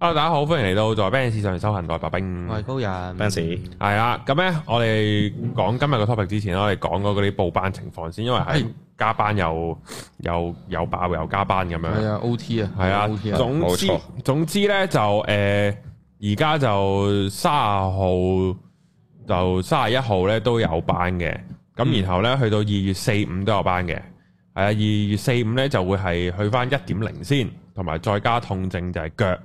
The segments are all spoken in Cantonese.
Hello 大家好，歡迎嚟到在 Benz 上修行。我係白兵，我係高人。Benz 係啊，咁咧，我哋講今日嘅 topic 之前，我哋講嗰嗰啲報班情況先，因為係加班又又又爆又加班咁樣。係啊 O T 啊係啊，總之錯總之咧就誒而家就卅號就卅一號咧都有班嘅。咁然後咧去到二月四五都有班嘅。係啊。二月四五咧就會係去翻一點零先，同埋再加痛症就係腳。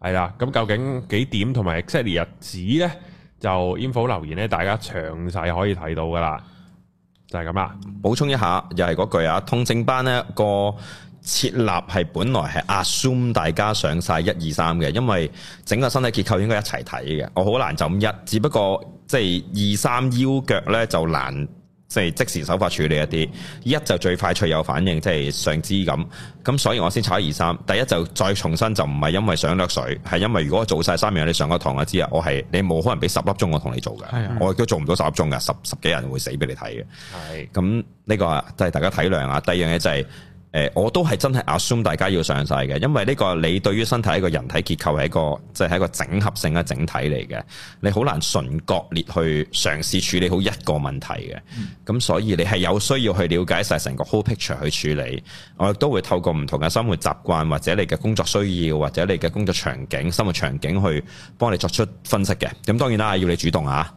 係啦，咁究竟幾點同埋 exactly 日子呢？就 Info 留言咧，大家詳細可以睇到噶啦，就係咁啦。補充一下，又係嗰句啊，痛症班呢個設立係本來係 assume 大家上晒一二三嘅，因為整個身體結構應該一齊睇嘅，我好難就咁一，只不過即係、就是、二三腰腳呢就難。即係即時手法處理一啲，一就最快最有反應，即係上肢咁。咁所以我先炒二三。第一就再重新就唔係因為想掠水，係因為如果我做晒三樣，你上個堂我知啊，我係你冇可能俾十粒鐘我同你做嘅，的我亦都做唔到十粒鐘嘅，十十幾人會死俾你睇嘅。係咁的，呢個就係大家體諒啊。第二樣嘢就係、是。誒、呃，我都係真係 assume 大家要上曬嘅，因為呢個你對於身體一個人體結構係一個，即、就、係、是、一個整合性嘅整體嚟嘅，你好難純割裂去嘗試處理好一個問題嘅。咁、嗯嗯、所以你係有需要去了解晒成個 whole picture 去處理，我亦都會透過唔同嘅生活習慣或者你嘅工作需要或者你嘅工作場景、生活場景去幫你作出分析嘅。咁當然啦，要你主動啊。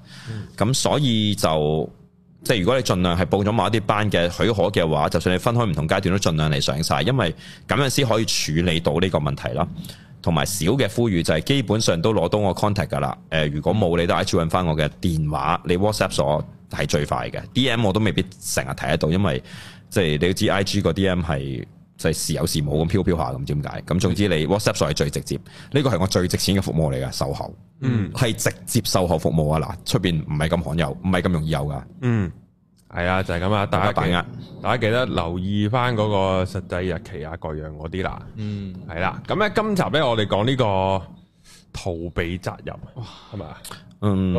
咁、嗯嗯、所以就。即係如果你盡量係報咗某一啲班嘅許可嘅話，就算你分開唔同階段都盡量嚟上晒，因為咁樣先可以處理到呢個問題啦。同埋少嘅呼籲就係基本上都攞到我 contact 㗎啦。誒、呃，如果冇你都 I G 揾翻我嘅電話，你 WhatsApp 咗係最快嘅。嗯、D M 我都未必成日睇得到，因為即係你都知 I G 個 D M 係。就係時有時冇咁飄飄下咁，點解？咁總之你 WhatsApp 上係最直接，呢個係我最值錢嘅服務嚟噶，售後，嗯，係直接售後服務啊！嗱，出邊唔係咁罕有，唔係咁容易有噶。嗯，係啊，就係咁啊！大家把握，大家記得留意翻嗰個實際日期啊，各樣嗰啲啦。嗯，係啦。咁咧，今集咧，我哋講呢個逃避責任係咪、嗯、啊？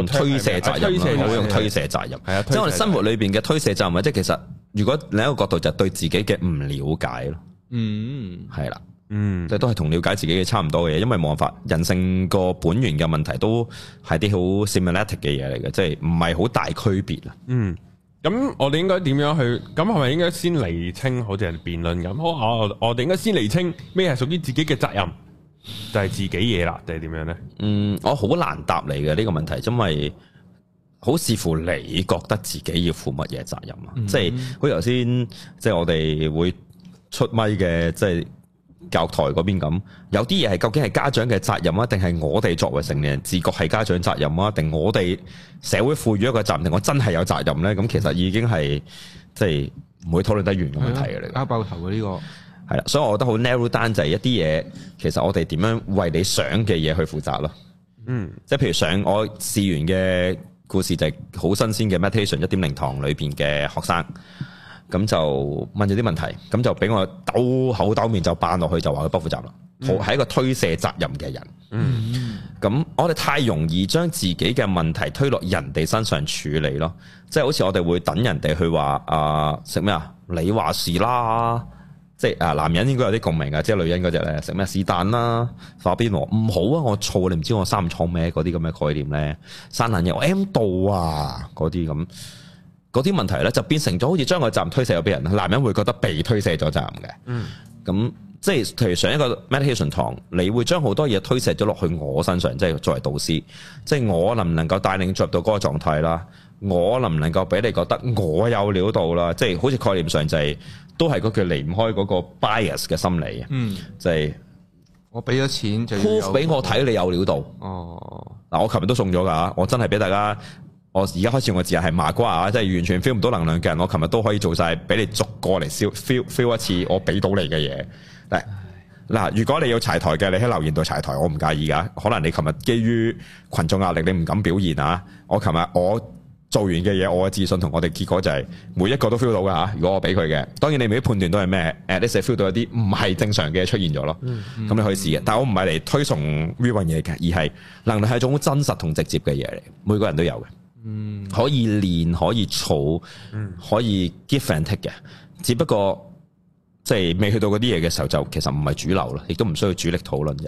嗯，推卸責任，推卸責推卸責任。係啊，即係我哋生活裏邊嘅推卸責任，即、啊、或者其實如果另一個角度就對自己嘅唔了解咯。嗯，係啦了，嗯，即係都係同了解自己嘅差唔多嘅嘢，因為冇法人性個本源嘅問題都係啲好 similar 嘅嘢嚟嘅，即係唔係好大區別啦。嗯，咁我哋應該點樣去？咁係咪應該先厘清，好似係辯論咁？好，我我哋應該先厘清咩係屬於自己嘅責任，就係、是、自己嘢啦，定係點樣咧？嗯，我好難答你嘅呢個問題，因為好視乎你覺得自己要負乜嘢責任啊、嗯嗯。即係，好似頭先，即係我哋會。出咪嘅即係教台嗰邊咁，有啲嘢係究竟係家長嘅責任啊，定係我哋作為成年人自覺係家長責任啊，定我哋社會賦予一個責任？定我真係有責任呢？咁其實已經係即係唔會討論得完咁嘅題嘅，你壓爆頭嘅呢個係啦，所以我覺得好 narrow down 就係一啲嘢，其實我哋點樣為你想嘅嘢去負責咯。嗯，即係譬如想我試完嘅故事就係好新鮮嘅 meditation 一點零堂裏邊嘅學生。咁就問咗啲問題，咁就俾我兜口兜面就扮落去，就話佢不負責啦。係、嗯、一個推卸責任嘅人。咁、嗯、我哋太容易將自己嘅問題推落人哋身上處理咯、就是呃。即係好似我哋會等人哋去話啊，食咩啊？你話事啦。即係啊，男人應該有啲共鳴啊。即係女人嗰隻咧，食咩？是但啦，發邊爐唔好啊，我燥你唔知我三創咩嗰啲咁嘅概念咧，三文我 M 度啊嗰啲咁。嗰啲問題咧就變成咗好似將個責任推卸咗俾人，男人會覺得被推卸咗責任嘅。嗯。咁即係，譬如上一個 meditation 堂，你會將好多嘢推卸咗落去我身上，即係作為導師，即係我能唔能夠帶領你進入到嗰個狀態啦？我能唔能夠俾你覺得我有料到啦？即係好似概念上就係、是、都係嗰句離唔開嗰個 bias 嘅心理。嗯。就係、是、我俾咗錢就 proof 俾我睇你有料到。哦。嗱，我琴日都送咗㗎啊！我真係俾大家。我而家開始，我自係麻瓜啊，即係完全 feel 唔到能量嘅人。我琴日都可以做晒，俾你逐個嚟 feel feel feel 一次，我俾到你嘅嘢。嗱嗱，如果你要柴台嘅，你喺留言度柴台，我唔介意噶。可能你琴日基於群眾壓力，你唔敢表現啊。我琴日我做完嘅嘢，我嘅自信同我哋結果就係每一個都 feel 到嘅啊。如果我俾佢嘅，當然你未必判斷都 least, 到係咩？誒，你成日 feel 到有啲唔係正常嘅嘢出現咗咯。咁、嗯嗯、你可以試嘅。但係我唔係嚟推崇呢樣嘢嘅，而係能量係一種好真實同直接嘅嘢嚟，每個人都有嘅。嗯，可以練，可以儲，嗯，可以 give and take 嘅，只不過即係未去到嗰啲嘢嘅時候，就其實唔係主流啦，亦都唔需要主力討論嘅。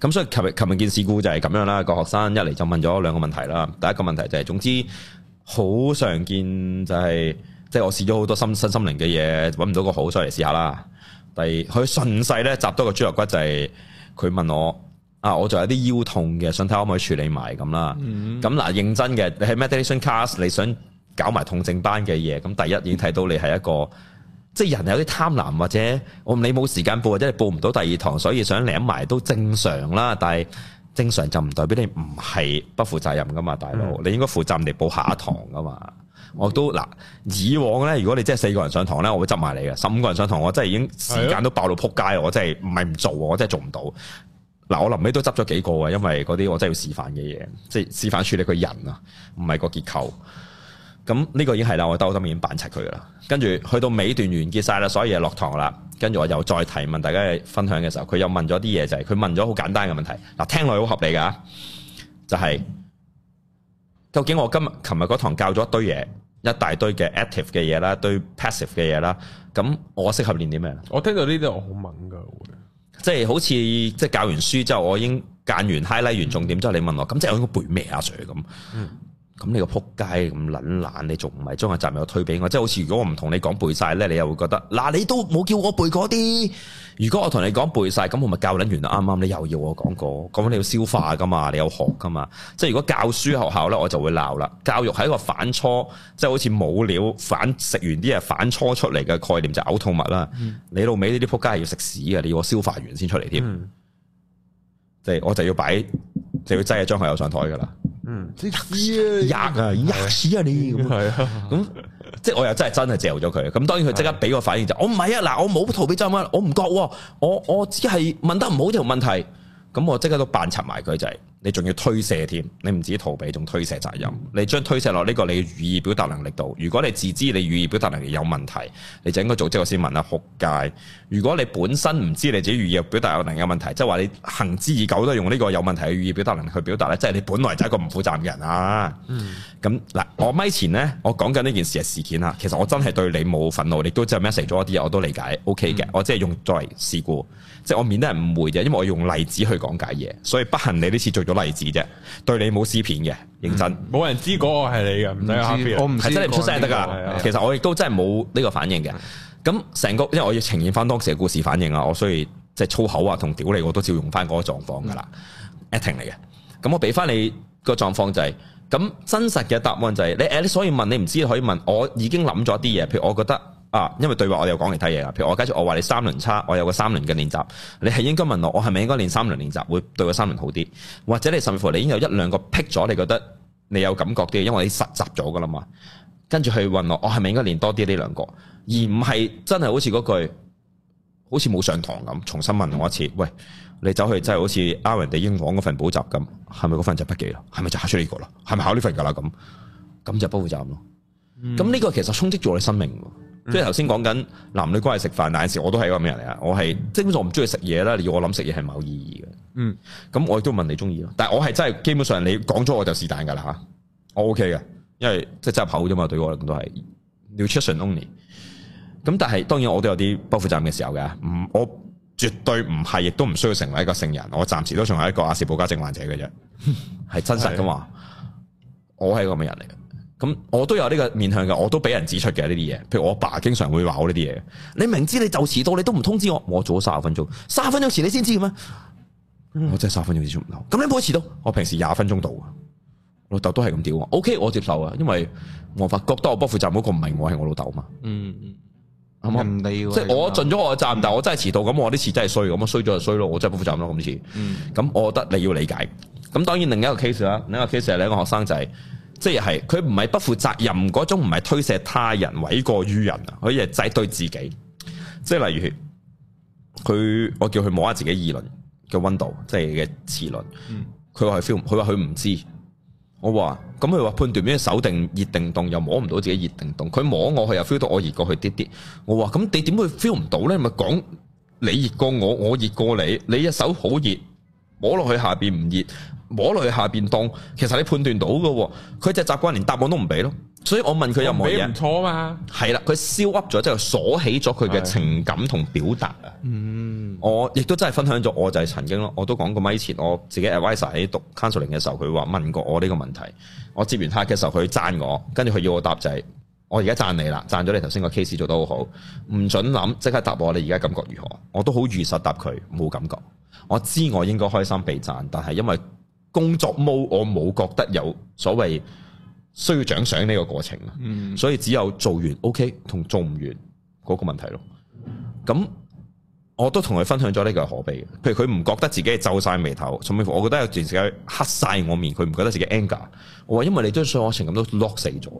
咁所以琴日琴日件事故就係咁樣啦。個學生一嚟就問咗兩個問題啦。第一個問題就係，總之好常見就係，即係我試咗好多心新心靈嘅嘢，揾唔到個好，所以嚟試下啦。第二佢順勢咧，集多個豬肉骨就係佢問我。啊！我仲有啲腰痛嘅，想睇可唔可以處理埋咁啦。咁嗱、嗯啊，認真嘅，你係 meditation class，你想搞埋痛症班嘅嘢。咁第一已經睇到你係一個，即係人有啲貪婪，或者我唔你冇時間報，或者你報唔到第二堂，所以想唸埋都正常啦。但係正常就唔代表你唔係不負責任噶嘛，大佬，嗯、你應該負責人哋報下一堂噶嘛。我都嗱、啊，以往呢，如果你真係四個人上堂呢，我會執埋你嘅。十五個人上堂，我真係已經時間都爆到撲街，嗯、我真係唔係唔做，我真係做唔到。嗱，我臨尾都執咗幾個啊，因為嗰啲我真係要示範嘅嘢，即係示範處理個人啊，唔係個結構。咁呢個已經係啦，我兜心面已經辦齊佢啦。跟住去到尾段完結晒啦，所以就落堂啦。跟住我又再提問大家分享嘅時候，佢又問咗啲嘢就係，佢問咗好簡單嘅問題。嗱，聽落去好合理噶，就係究竟我今日、琴日嗰堂教咗一堆嘢，一大堆嘅 active 嘅嘢啦，一堆 passive 嘅嘢啦，咁我適合練啲咩？我聽到呢啲我好敏噶。即係好似即係教完書之後，我已經間完 highlight 完重點之後，你問我咁、嗯、即係我應該背咩阿、啊、Sir 咁？咁、嗯、你個撲街咁撚懶，你仲唔係將個責任推俾我？即係好似如果我唔同你講背晒咧，你又會覺得嗱、啊，你都冇叫我背嗰啲。如果我同你講背晒，咁我咪教撚完啱啱，剛剛你又要、啊、我講過，咁你要消化噶嘛，你有學噶嘛？即係如果教書學校咧，我就會鬧啦。教育係一個反芻，即、就、係、是、好似冇料反食完啲嘢反芻出嚟嘅概念就嘔、是、吐物啦。嗯、你老味呢啲仆街係要食屎嘅，你要我消化完先出嚟添。即係、嗯、我就要擺，就要擠阿張學友上台噶啦。嗯，你吔啊，吔啊，吔屎啊的你！咁係啊，咁即係我又真係真係嚼咗佢。咁當然佢即刻俾個反應就，我唔係啊，嗱，我冇逃避責任，我唔覺，我我只係問得唔好條問題，咁我即刻都扮插埋佢仔。就係你仲要推卸添？你唔止逃避，仲推卸責任。嗯、你將推卸落呢個你嘅語意表達能力度。如果你自知你語意表達能力有問題，你就應該組織我先問下撲街。如果你本身唔知你自己語意表達能力有問題，即係話你行之已久都用呢個有問題嘅語意表達能力去表達咧，即係你本來就係一個唔負責任嘅人啊。嗯。咁嗱，我咪前呢，我講緊呢件事嘅事件啦。其實我真係對你冇憤怒，你都知道 message 咗一啲，我都理解。O K 嘅，嗯、我即係用作為事故。即係我免得人誤會嘅，因為我用例子去講解嘢，所以不幸你呢次做咗例子啫，對你冇撕片嘅，認真。冇、嗯、人知嗰個係你嘅，唔使吓我唔知，係真係唔出聲得噶。其實我亦都真係冇呢個反應嘅。咁成個，因為我要呈現翻當時嘅故事反應啊，我所以即係粗口啊同屌你，我都照用翻嗰個狀況噶啦 acting 嚟嘅。咁、嗯、我俾翻你個狀況就係、是，咁真實嘅答案就係，你誒，你所以問你唔知你可以問，我已經諗咗啲嘢，譬如我覺得。啊，因為對話我又講其他嘢啦，譬如我繼續，我話你三輪差，我有個三輪嘅練習，你係應該問我，我係咪應該練三輪練習會對個三輪好啲？或者你甚至乎你已經有一兩個劈咗，你覺得你有感覺啲，因為你實習咗噶啦嘛，跟住去問我，我係咪應該練多啲呢兩個？而唔係真係好似嗰句，好似冇上堂咁，重新問我一次。喂，你走去真係好似啱人哋應講嗰份補習咁，係咪嗰份就筆記咯？係咪就考出呢個啦？係咪考呢份㗎啦？咁咁就不負責任咯。咁呢、嗯、個其實衝擊咗我哋生命。即係頭先講緊男女關係食飯但件事，我都係一個咩人嚟？啊，我係基本上我唔中意食嘢啦，你要我諗食嘢係冇意義嘅。嗯，咁我亦都問你中意咯。但係我係真係基本上你講咗我就是但噶啦吓，我 OK 嘅，因為即係執口啫嘛，對我嚟講都係。Nutrition only。咁但係當然我都有啲不負責任嘅時候嘅，唔我絕對唔係，亦都唔需要成為一個聖人。我暫時都仲係一個阿氏保加症患者嘅啫，係 真實噶嘛？是我係一個咩人嚟嘅？咁、嗯、我都有呢個面向嘅，我都俾人指出嘅呢啲嘢。譬如我爸經常會話我呢啲嘢，你明知你就遲到，你都唔通知我，我做咗三十分鐘，三十分鐘遲你先知嘅咩？我真係卅分鐘先出唔到，咁你唔可以遲到。我平時廿分鐘到，老豆都係咁屌我。O K，我接受啊，因為我發覺當我不負責任嗰個唔係我，係我老豆嘛。嗯嗯，係咪？即係我盡咗我嘅責任，但我真係遲到，咁我啲遲真係衰，咁衰咗就衰咯，我真係不負責任咯咁次。嗯，咁、嗯、我覺得你要理解。咁當然另一個 case 啦，另一個 case 係另一個學生仔、就是。即係，佢唔係不負責任嗰種，唔係推卸他人，於人、委過於人啊！佢係制對自己。即係例如，佢我叫佢摸下自己耳輪嘅溫度，即係嘅耳輪。佢話佢 feel，佢話佢唔知。我話咁佢話判斷邊隻手定熱定凍又摸唔到自己熱定凍。佢摸我去又 feel 到我熱過去啲啲。我話咁你點會 feel 唔到呢？咪講你熱過我，我熱過你。你一手好熱，摸落去下邊唔熱。摸落去下邊凍，其實你判斷到噶，佢只習慣連答案都唔俾咯。所以我問佢有冇錯嘛？係啦，佢 Shut Up 咗，即係鎖起咗佢嘅情感同表達啊。嗯的，我亦都真係分享咗，我就係曾經咯，我都講過咪，以前，我自己 advisor 喺讀 counseling 嘅時候，佢話問過我呢個問題，我接完客嘅時候，佢讚我，跟住佢要我答就係，我而家讚你啦，讚咗你頭先個 case 做得好好，唔準諗，即刻答我你而家感覺如何？我都好如實答佢冇感覺，我知我應該開心被讚，但係因為。工作冇，我冇覺得有所謂需要獎賞呢個過程，嗯、所以只有做完 OK 同做唔完嗰個問題咯。咁我都同佢分享咗呢個可悲，嘅。譬如佢唔覺得自己係皺晒眉頭，甚至乎我覺得有段時間黑晒我面，佢唔覺得自己 anger。我話因為你將所有情感都 lock 死咗，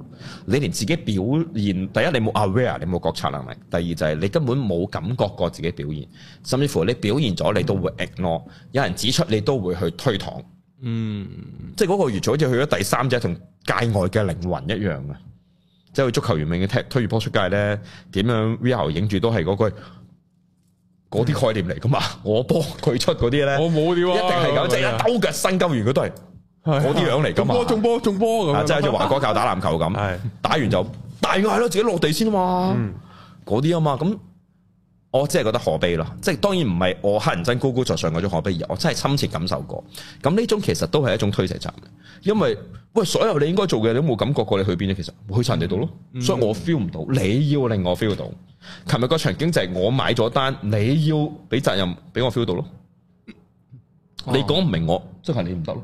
你連自己表現第一你冇 aware，你冇覺察能力；第二就係你根本冇感覺過自己表現，甚至乎你表現咗你都會 ignore，有人指出你都會去推搪。嗯，即係嗰個月，就好似去咗第三隻同界外嘅靈魂一樣嘅，即係足球員俾嘅踢推住波出街咧，點樣 V R 影住都係嗰句，嗰啲概念嚟噶嘛？嗯、我幫佢出嗰啲咧，我冇啲，一定係咁，即係一兜嘅新球員，佢都係嗰啲樣嚟噶嘛？中波中波咁，波即係好似華哥教打籃球咁，係 的打完就大嗌咯，自己落地先啊嘛，嗰啲啊嘛，咁。我真係覺得可悲咯，即係當然唔係我黑人憎高高在上嗰種可悲，而我真係親切感受過。咁呢種其實都係一種推卸責任，因為喂所有你應該做嘅你都冇感覺過你去邊啫，其實去晒人哋度咯，嗯、所以我 feel 唔到。你要令我 feel 到，琴日個場景就係我買咗單，你要俾責任俾我 feel 到咯。你講唔明我，哦、即係你唔得咯。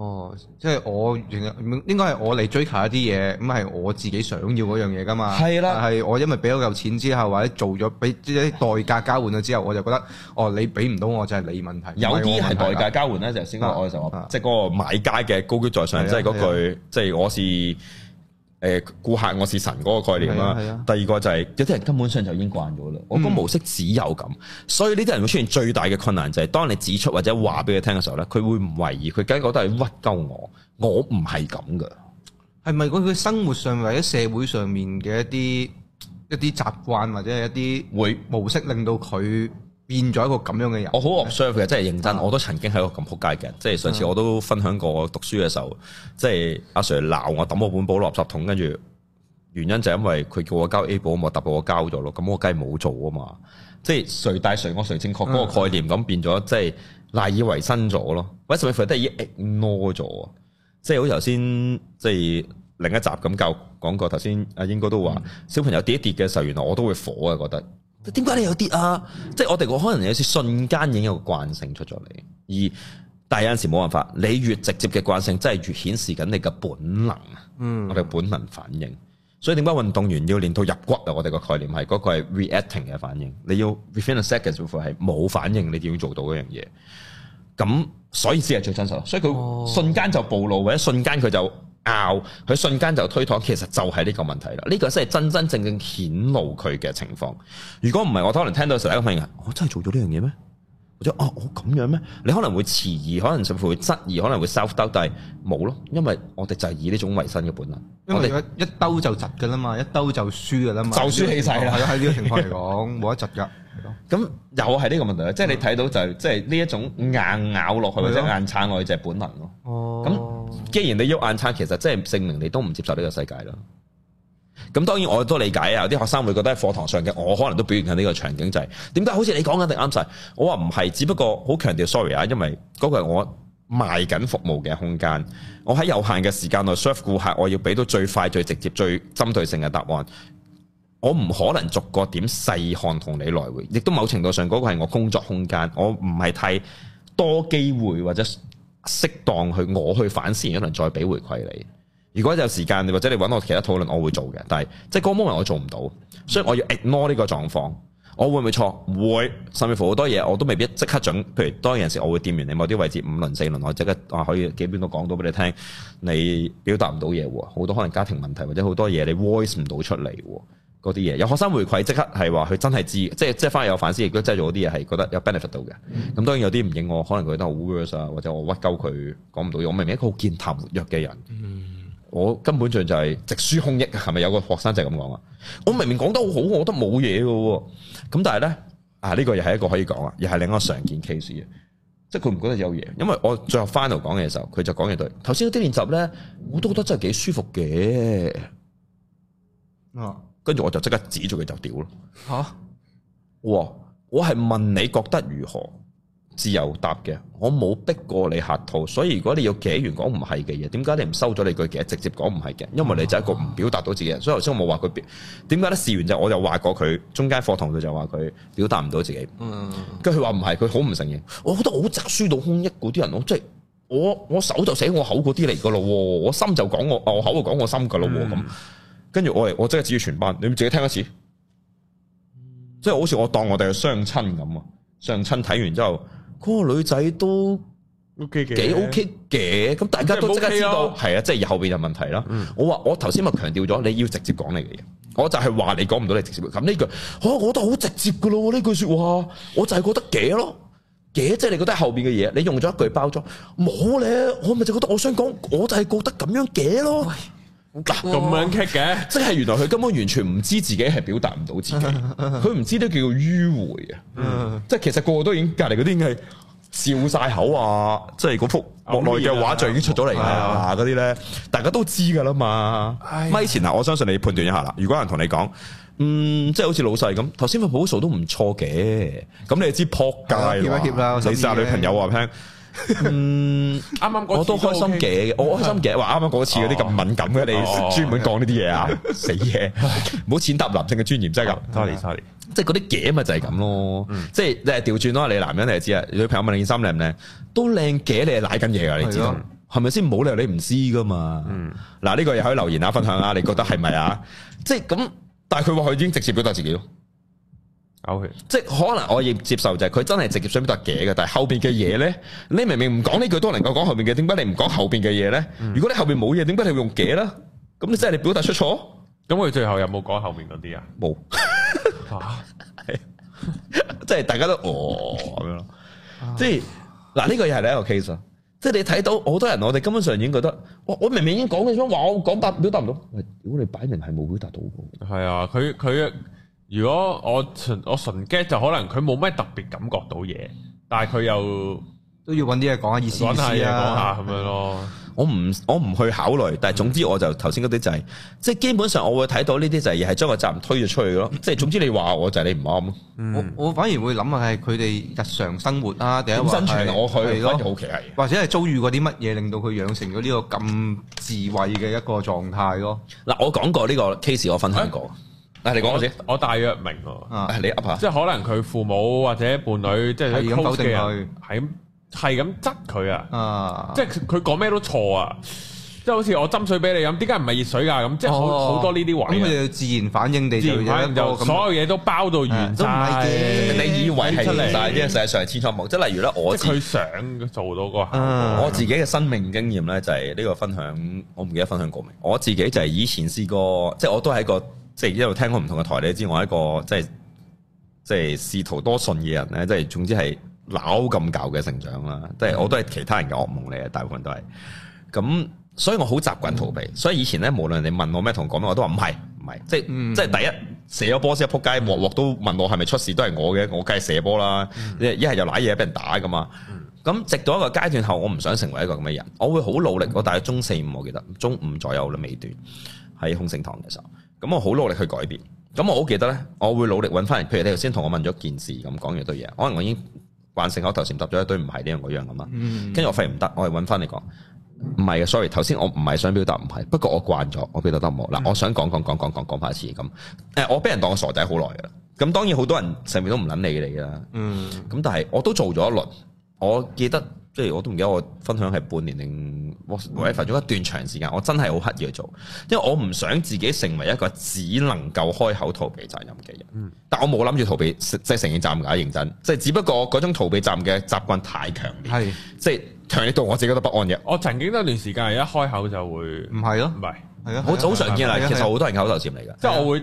哦，即係我，應該係我嚟追求一啲嘢，咁係我自己想要嗰樣嘢㗎嘛。係啦的，係我因為俾咗夠錢之後，或者做咗俾啲代價交換咗之後，我就覺得，哦，你俾唔到我就係、是、你問題。有啲係代價交換咧，就係先啦。的我嘅時候，即係嗰個買家嘅高高在上，即係嗰句，即係的我是。誒顧客我是神嗰個概念啦，啊啊、第二個就係、是、有啲人根本上就已經慣咗啦。我個模式只有咁，嗯、所以呢啲人會出現最大嘅困難就係當你指出或者話俾佢聽嘅時候呢，佢會唔懷疑，佢梗覺得係屈鳩我，我唔係咁噶。係咪佢生活上或者社會上面嘅一啲一啲習慣或者係一啲模式令到佢變咗一個咁樣嘅人，我好 a b s 真係認真。啊、我都曾經係一個咁撲街嘅，即係上次我都分享過，我讀書嘅時候，即係阿 Sir 鬧我，抌我本簿落垃圾桶，跟住原因就係因為佢叫我交 A 簿，我到我，我交咗咯，咁我梗係冇做啊嘛。即係誰帶誰我誰正確嗰、嗯、個概念咁變咗，即係賴以為新咗咯。What’s m 已 r ignore 咗，即係好似頭先，即係另一集咁教講過，頭先阿英哥都話小朋友跌一跌嘅時候，原來我都會火啊，覺得。點解你有啲啊？即係我哋可能有時瞬間已經有個慣性出咗嚟，而但係有陣時冇辦法，你越直接嘅慣性，真係越顯示緊你嘅本能啊！我哋嘅本能反應，所以點解運動員要練到入骨啊？我哋個概念係嗰個係 reacting 嘅反應，你要 within seconds，如果係冇反應，你點要做到嗰樣嘢？咁所以先係最真實，所以佢瞬間就暴露，或者瞬間佢就。拗佢瞬間就推脫，其實就係呢個問題啦。呢、這個先係真真正正顯露佢嘅情況。如果唔係，我可能聽到嘅時候，我真係做咗呢樣嘢咩？或者哦、啊，我咁樣咩？你可能會遲疑，可能甚至乎質疑，可能會 self 兜，但係冇咯。因為我哋就係以呢種維生嘅本能。因為我哋一兜就窒噶啦嘛，一兜就輸噶啦嘛，就輸氣晒啦。喺呢個情況嚟講，冇得窒噶。咁又係呢個問題，即係的你睇到就係即係呢一種硬咬落去或者硬撐落去就係本能咯。哦的。咁、嗯。嗯既然你要硬撐，其實即係證明你都唔接受呢個世界咯。咁當然我都理解啊，有啲學生會覺得喺課堂上嘅我可能都表現緊呢個場景就係。點解好似你講緊定啱晒？我話唔係，只不過好強調 sorry 啊，因為嗰個係我賣緊服務嘅空間。我喺有限嘅時間內 serve 顧客，我要俾到最快、最直接、最針對性嘅答案。我唔可能逐個點細看同你來回，亦都某程度上嗰個係我工作空間。我唔係太多機會或者。適當去我去反思一輪，再俾回饋你。如果有時間或者你揾我其他討論，我會做嘅，但係即係嗰個 moment 我做唔到，所以我要 ignore 呢個狀況。我會唔會錯？會，甚至乎好多嘢我都未必即刻準。譬如當人時我會掂完你某啲位置五輪四輪，我即刻話、啊、可以幾邊都講到俾你聽。你表達唔到嘢，好多可能家庭問題或者好多嘢你 voice 唔到出嚟。啲嘢有學生回饋即刻係話佢真係知，即係即係翻去有反思，亦都真係做嗰啲嘢係覺得有 benefit 到嘅。咁、嗯、當然有啲唔認我，可能佢覺得我 worse 啊，或者我屈鳩佢講唔到嘢。我明明一個好健談活躍嘅人，嗯、我根本上就係直抒胸臆嘅。係咪有個學生就係咁講啊？我明明講得好好，我覺得冇嘢嘅喎。咁但係咧啊，呢、呢個又係一個可以講啊，又係另一個常見 case 啊。即係佢唔覺得有嘢，因為我最後 final 講嘅時候，佢就講嘢對。頭先嗰啲練習咧，我都覺得真係幾舒服嘅。啊！跟住我就即刻指住佢就屌咯！吓，我我係問你覺得如何自由答嘅，我冇逼過你客套，所以如果你要解完講唔係嘅嘢，點解你唔收咗你句嘢，直接講唔係嘅？因為你就一個唔表達到自己，嗯、所以頭先我冇話佢表。點解呢試完就我就話過佢中間課堂佢就話佢表達唔到自己。嗯，跟住佢話唔係，佢好唔承認。我覺得我執輸到空一嗰啲人，我即係我我手就寫我口嗰啲嚟噶咯，我心就講我，我口就講我心噶咯咁。嗯跟住我我即係指住全班，你自己聽一次。即係好似我當我哋係雙親咁啊！雙親睇完之後，嗰個女仔都 OK 嘅，幾 OK 嘅。咁大家都即刻知道，係、嗯嗯、啊，即係後邊有問題啦。我話我頭先咪強調咗，你要直接講你嘅嘢。我就係話你講唔到，你直接咁呢句，嚇我都好直接噶咯。呢句説話，我就係、啊、覺得嘅咯，嘅即係你覺得後邊嘅嘢，你用咗一句包裝冇咧，我咪就覺得我想講，我就係覺得咁樣嘅咯。哎咁樣劇嘅，即係原來佢根本完全唔知自己係表達唔到自己，佢唔 知都叫迂迴啊、 嗯！即係其實個個都已經隔離嗰啲，已經笑曬口啊！即係嗰幅幕內嘅畫像已經出咗嚟啊！嗰啲咧，大家都知噶啦嘛。哎、呀麥前嗱，我相信你判斷一下啦。如果有人同你講，嗯，即係好似老細咁，頭先份 proposal 都唔錯嘅，咁你知撲街添一添啦。你試下女朋友話聽。 嗯，啱啱我都開心嘅，我開心嘅。哇，啱啱嗰次嗰啲咁敏感嘅，你專門講呢啲嘢啊，死嘢！唔好踐踏男性嘅尊嚴，真係咁。Sorry，Sorry，即係嗰啲嘅咪就係咁咯。即係你係調轉咯，你男人你係知啊，女朋友問你件衫靚唔靚，都靚嘅，你係舐緊嘢啊，你知咯，係咪先？冇理由你唔知噶嘛。嗱，呢個又可以留言下，分享下，你覺得係咪啊？即係咁，但係佢話佢已經直接表達自己咯。OK，即係可能我亦接受就係佢真係直接想表達嘅，但係後邊嘅嘢咧，你明明唔講呢句都能夠講後邊嘅，點解你唔講後邊嘅嘢咧？如果你後邊冇嘢，點解你會用嘅咧？咁你真係你表達出錯，咁我最後有冇講後面嗰啲啊？冇，即係大家都哦咁樣咯，即係嗱呢個又係另一個 case 啊！即係你睇到好多人，我哋根本上已經覺得，我明明已經講嘅，想話我講白，表達唔到，如果你擺明係冇表達到嘅，係啊，佢佢。如果我純我純 get 就可能佢冇咩特別感覺到嘢，但係佢又都要揾啲嘢講下意思啊，講下咁樣咯。我唔我唔去考慮，但係總之我就頭先嗰啲就係，即係基本上我會睇到呢啲就係係將個責任推咗出去咯。即係總之你話我就係你唔啱咯。我我反而會諗下係佢哋日常生活啊，定係話生存我去咯，或者係遭遇過啲乜嘢令到佢養成咗呢個咁智慧嘅一個狀態咯。嗱，我講過呢個 case，我分享過。嗱，你講我先，我大約明，啊，你噏啊，即係可能佢父母或者伴侶，即係喺鋪地喺係咁執佢啊，即係佢佢講咩都錯啊，即係好似我斟水俾你飲，點解唔係熱水噶？咁即係好好多呢啲位，咁佢自然反應地就有一個，所有嘢都包到完晒，你以為係，但係實際上係千瘡百，即係例如咧，我即係佢想做到個，我自己嘅生命經驗咧就係呢個分享，我唔記得分享過未？我自己就係以前試過，即係我都係個。即係一路聽我唔同嘅台，你知我係一個即係即係仕途多順嘅人咧，即係總之係撈咁搞嘅成長啦。即係我都係其他人嘅噩夢嚟嘅，大部分都係。咁所以我好習慣逃避。嗯、所以以前咧，無論你問我咩同講咩，我都話唔係唔係。即係即係第一射咗波先一仆街，鑊鑊、嗯、都問我係咪出事，都係我嘅。我梗係射波啦，一係又瀨嘢俾人打噶嘛。咁、嗯、直到一個階段後，我唔想成為一個咁嘅人。我會好努力。我大約中四五，我記得中五左右都未段喺空聖堂嘅時候。咁我好努力去改變，咁我好記得咧，我會努力揾翻人。譬如你頭先同我問咗件事咁講完堆嘢，可能我已經慣性我頭先答咗一堆唔係呢樣嗰樣咁嘛。跟住、嗯、我發唔得，我係揾翻你講，唔係嘅 sorry，頭先我唔係想表達唔係，不過我慣咗，我表達得唔好。嗱、嗯，我想講講講講講講翻一次咁。誒、呃，我俾人當我傻仔好耐噶啦，咁當然好多人上面都唔撚理你啦。咁但係我都做咗一輪，我記得。即係我都唔記得我分享係半年定咗一段長時間，我真係好刻意去做，因為我唔想自己成為一個只能夠開口逃避責任嘅人。嗯，但我冇諗住逃避，即係承認責任認真，即係只不過嗰種逃避責任嘅習慣太強烈，即係強烈到我自己覺得不安嘅。我曾經一段時間一開口就會唔係咯，唔係，係啊，好早上見啊，其實好多人口頭禪嚟㗎，即係我會。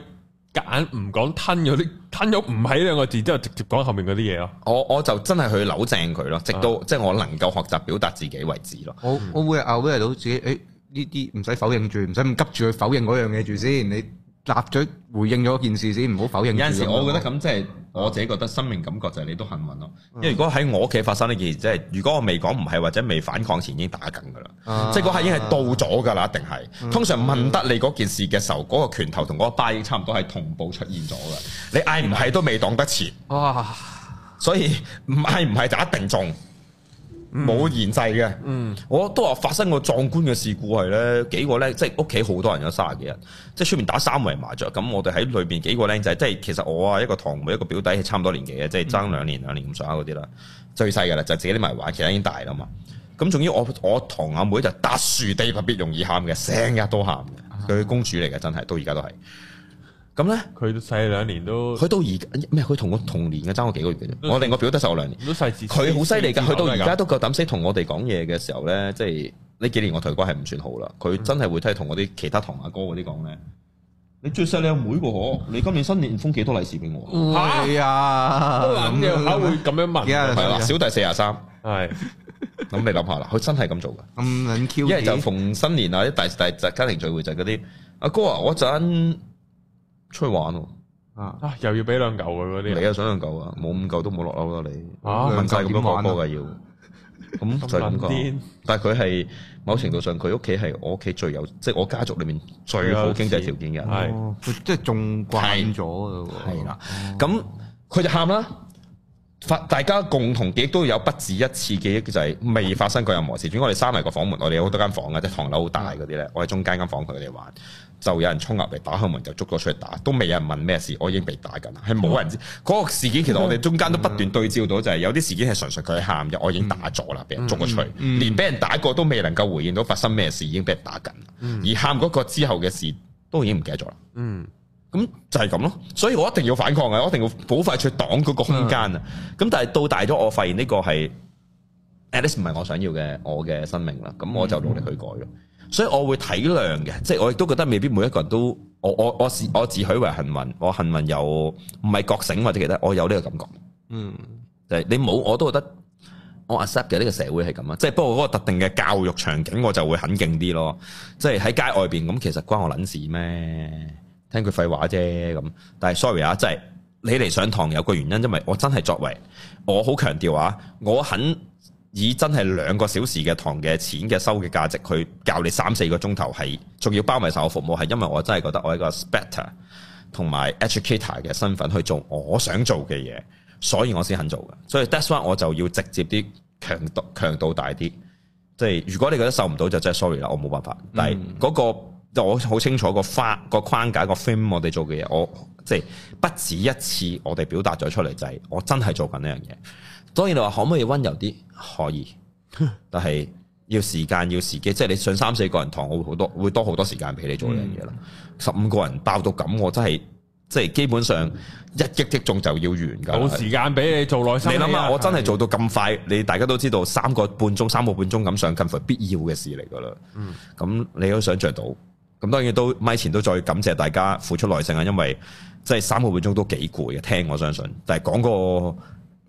揀唔講吞咗啲吞咗唔係兩個字之後，之係直接講後面嗰啲嘢咯。我我就真係去扭正佢咯，直到、啊、即係我能夠學習表達自己為止咯。我我會嘔嘢到自己，誒呢啲唔使否認住，唔使咁急住去否認嗰樣嘢住先你，立咗，回應咗件事先，唔好否認。有陣時，我覺得咁即係我自己覺得，生命感覺就係你都幸運咯。嗯、因為如果喺我屋企發生呢件事，即係如果我未講唔係或者未反抗前已經打緊噶啦，啊、即係嗰下已經係到咗噶啦，一定係。通常問得你嗰件事嘅時候，嗰、嗰個拳頭同嗰個巴已經差唔多係同步出現咗噶。嗯、你嗌唔係都未當得前，哇、嗯！所以唔嗌唔係就一定中。冇延制嘅，嗯、我都話發生過壯觀嘅事故係咧，幾個咧，即係屋企好多人有卅幾人，即係出面打三圍麻雀。咁我哋喺裏邊幾個僆仔，即係其實我啊一個堂妹、一個表弟係差唔多年紀嘅，即係爭兩年兩年咁上下嗰啲啦，最細嘅啦就係、自己匿埋玩，其他已經大啦嘛。咁仲要我我堂阿妹就特殊地特別容易喊嘅，成日都喊嘅，佢公主嚟嘅真係，到而家都係。咁咧，佢細兩年都佢到而家，咩？佢同我同年嘅爭我幾個月嘅啫。我另外表弟受兩年。佢好犀利噶，佢到而家都夠膽識同我哋講嘢嘅時候咧，即係呢幾年我同佢關係唔算好啦。佢真係會都同我啲其他堂阿哥嗰啲講咧。你最細你阿妹喎，你今年新年封幾多利是俾我？嚇呀！有下會咁樣問係啦，小弟四廿三，係咁你諗下啦，佢真係咁做嘅。咁撚 Q 嘅，因為就逢新年啊，啲大大家庭聚會就嗰啲阿哥啊，我陣。出去玩咯！啊，又要俾兩嚿嘅嗰啲，你又想兩嚿啊？冇五嚿都冇落樓啦你，兩嚿咁多嘅要。咁就五嚿，但係佢係某程度上佢屋企係我屋企最有，即係我家族裏面最好經濟條件嘅人，係即係仲慣咗係啦，咁佢就喊啦。發大家共同記憶都有不止一次記憶就係未發生過任何事，主要我哋閂埋個房門，我哋有好多間房噶，即係唐樓好大嗰啲咧，我喺中間間房佢哋玩。就有人衝入嚟打開門就捉咗出去打，都未有人問咩事，我已經被打緊啦，係冇人知。嗰、嗯、個事件其實我哋中間都不斷對照到，就係有啲事件係純粹佢喊入，我已經打咗啦，俾人、嗯、捉咗出去，嗯、連俾人打過都未能夠回應到發生咩事，已經俾人打緊，嗯、而喊嗰個之後嘅事都已經唔記得咗啦。嗯，咁就係咁咯，所以我一定要反抗呀，我一定要好快出去擋嗰個空間啊。咁、嗯、但係到大咗，我發現呢個係 at least 唔係我想要嘅，我嘅生命啦，咁我就努力去改咯。嗯嗯所以我會體諒嘅，即係我亦都覺得未必每一個人都，我我我是我自詡為幸運，我幸運有唔係覺醒或者其他，我有呢個感覺。嗯，就係你冇我都覺得我 accept 嘅呢個社會係咁啊！即係、嗯、不過嗰個特定嘅教育場景我就會肯定啲咯。即係喺街外邊咁，其實關我撚事咩？聽佢廢話啫咁。但係 sorry 啊，即係你嚟上堂有個原因，因為我真係作為我好強調啊，我肯。以真係兩個小時嘅堂嘅錢嘅收嘅價值，佢教你三四個鐘頭，係仲要包埋晒我服務，係因為我真係覺得我一個 speaker 同埋 educator 嘅身份去做我想做嘅嘢，所以我先肯做嘅。所以 that's why 我就要直接啲強度強度大啲。即係如果你覺得受唔到，就真係 sorry 啦，我冇辦法。但係嗰個，嗯，我好清楚個框個框架，個 frame 我哋做嘅嘢，我即係不止一次我哋表達咗出嚟，就係我真係做緊呢樣嘢。所以你話可唔可以温柔啲？可以，但係要時間要時機，即係你上三四個人堂，我會好多會多好多時間俾你做呢樣嘢啦。十五、嗯、個人爆到咁，我真係即係基本上一擊即中就要完噶。冇時間俾你做耐心、啊。你諗下，我真係做到咁快，的你大家都知道，三個半鐘，三個半鐘咁上，近乎必要嘅事嚟噶啦。嗯，咁你都想象到，咁當然都咪前都再感謝大家付出耐性啊，因為即係三個半鐘都幾攰啊聽，我相信，但係講個。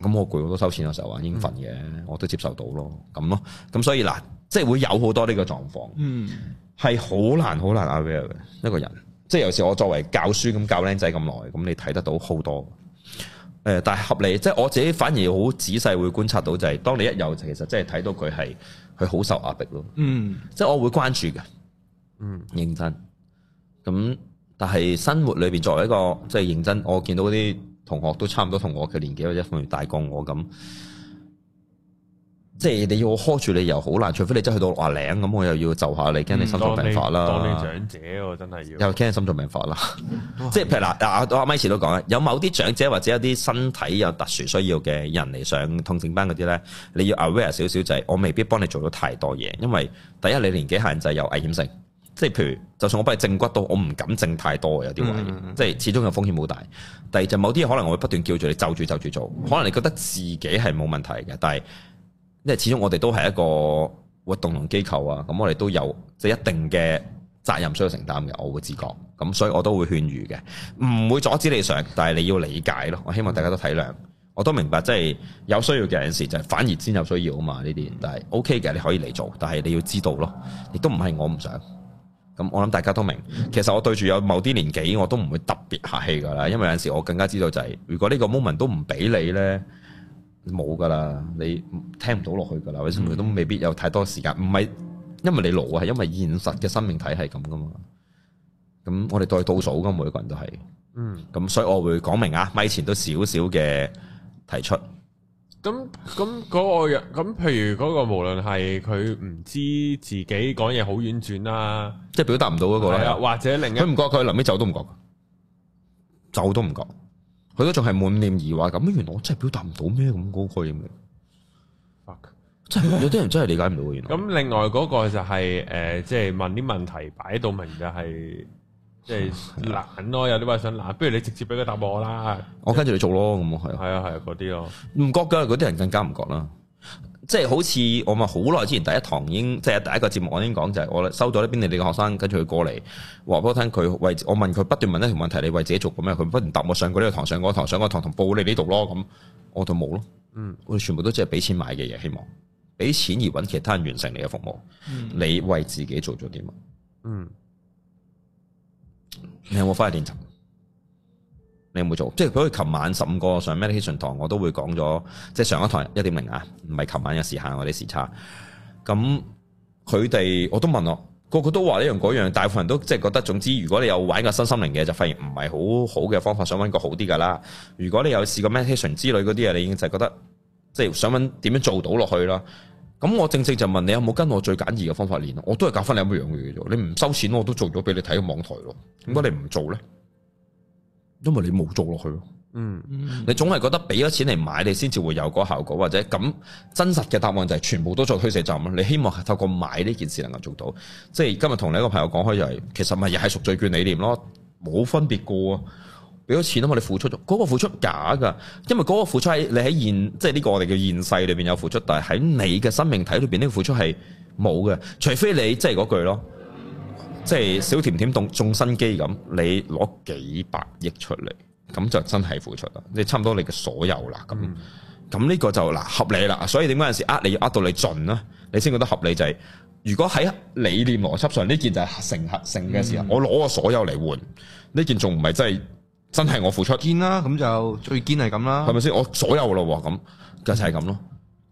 咁我攰好多收錢嘅時候啊，應份嘅，我都接受到咯，咁咯，咁所以嗱，即係會有好多呢個狀況，嗯，係好難好難壓逼嘅一個人，即係有時我作為教書咁教僆仔咁耐，咁你睇得到好多，誒、呃，但係合理，即係我自己反而好仔細會觀察到、就係，就係當你一有，其實即係睇到佢係佢好受壓力咯，嗯，即係我會關注嘅，嗯，認真，咁但係生活裏邊作為一個即係認真，我見到啲。同學都差唔多同我嘅年紀或者可能大過我咁，即係你要 hold 住你又好難，除非你真係去到六啊零咁，我又要就下你，驚你心臟病發啦、嗯。當你長者我真係要，又驚心臟病發啦。哎、呀即係譬如嗱，嗱阿麥士都講咧，有某啲長者或者有啲身體有特殊需要嘅人嚟上痛症班嗰啲咧，你要 aware 少少仔，我未必幫你做到太多嘢，因為第一你年紀限制有危險性。即係譬如，就算我俾正骨到，我唔敢正太多有啲位，即係始終有風險好大。第二就某啲可能我會不斷叫住你就住就住做，可能你覺得自己係冇問題嘅，但係因為始終我哋都係一個活動同機構啊，咁我哋都有即係一定嘅責任需要承擔嘅，我會自覺，咁所以我都會勸喻嘅，唔會阻止你上，但係你要理解咯。我希望大家都體諒，我都明白，即係有需要嘅有時就係反而先有需要啊嘛。呢啲但係 OK 嘅，你可以嚟做，但係你要知道咯，亦都唔係我唔想。咁我諗大家都明，其實我對住有某啲年紀，我都唔會特別客氣噶啦，因為有陣時我更加知道就係、是，如果呢個 moment 都唔俾你呢，冇噶啦，你聽唔到落去噶啦，或者都未必有太多時間。唔係因為你老啊，係因為現實嘅生命體係咁噶嘛。咁我哋在倒數噶，每一個人都係，嗯，咁所以我會講明啊，米前都少少嘅提出。咁咁嗰個又咁，譬如嗰個無論係佢唔知自己講嘢好婉轉啦，即係表達唔到嗰、嗰個咧的，或者另佢唔覺，佢臨尾走都唔覺，走都唔覺，佢都仲係滿臉疑惑咁。原來我真係表達唔到咩咁嗰句。那個、 有啲人真係理解唔到。原來咁另外嗰個就係、是、誒，即、呃、係、就是、問啲問題擺到明就係、是。即係難咯，有啲話想難，不如你直接俾佢答我啦。我跟住你做咯，咁係。係啊，係嗰啲咯，唔覺噶，嗰啲人更加唔覺啦。即係好似我咪好耐之前第一堂已經，即係第一個節目我已經講就係，我收咗呢邊度你嘅學生跟住佢過嚟，話俾我聽佢為我問佢不斷問一條問題，你為自己做咗咩？佢不如答我上過呢個堂、上過堂、上過堂同報你呢度咯咁，我就冇咯。嗯，我哋全部都即係俾錢買嘅嘢，希望俾錢而揾其他人完成你嘅服務。嗯，你為自己做咗啲乜？嗯。你有冇翻去練習？你有冇做？即係比如琴晚十五個上 meditation 堂，我都會講咗，即係上一堂一點零啊，唔係琴晚嘅時限，我啲時差咁，佢哋我都問我，個個都話呢樣嗰樣，大部分人都即係覺得，總之如果你有玩個新心靈嘅，就發現唔係好好嘅方法，想揾個好啲噶啦。如果你有試過 meditation 之類嗰啲嘢，你已經就係覺得即係想揾點樣做到落去咯。咁我正正就問你有冇跟我最簡易嘅方法練，我都係教翻你有樣嘢嘅啫。你唔收錢我都做咗俾你睇個網台咯。點解你唔做咧？因為你冇做落去咯、嗯。嗯嗯，你總係覺得俾咗錢嚟買，你先至會有嗰個效果，或者咁真實嘅答案就係、是、全部都做推卸責任啦。你希望係透過買呢件事能夠做到。即係今日同你一個朋友講開又、就、係、是，其實咪又係贖罪券理念咯，冇分別過、啊。俾咗錢啦，我你付出咗，嗰、嗰個付出假噶，因為嗰個付出喺你喺現，即係呢個我哋叫現世裏邊有付出，但係喺你嘅生命體裏邊呢個付出係冇嘅，除非你即係嗰句咯，即、就、係、是、小甜甜動動心機咁，你攞幾百億出嚟，咁就真係付出啦，你、就是、差唔多你嘅所有啦，咁咁呢個就嗱合理啦，所以點解有陣時呃你要呃到你盡啦，你先覺得合理就係、是，如果喺理念邏輯上呢件就係成核性嘅時候，嗯、我攞我所有嚟換呢件，仲唔係真係？真係我付出，堅啦，咁就最堅係咁啦，係咪先？我所有咯咁，就係咁咯。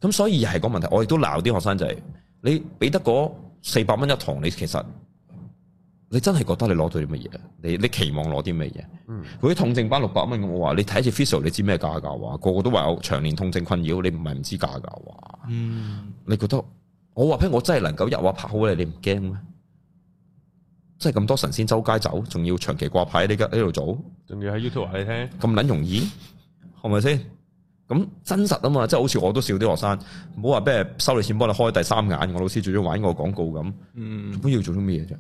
咁所以係個問題，我亦都鬧啲學生仔，就是、你俾得嗰四百蚊一堂，你其實你真係覺得你攞到啲乜嘢？你你期望攞啲乜嘢？嗯，啲痛症班六百蚊，我話你睇一次 physio 你知咩價格話？個個都話有長年痛症困擾，你唔係唔知價格話？嗯，你覺得我話俾我真係能夠入拍好你你唔驚咩？即係咁多神仙周街走，仲要長期掛牌呢，喺呢度做，仲要喺 YouTube 話你聽，咁捻，容易，係咪先？咁真實啊嘛，即係好似我都笑啲學生，唔好話俾人收你錢，幫你開第三眼。我老師做咗玩我廣告咁，嗯，做乜要做啲咩啫？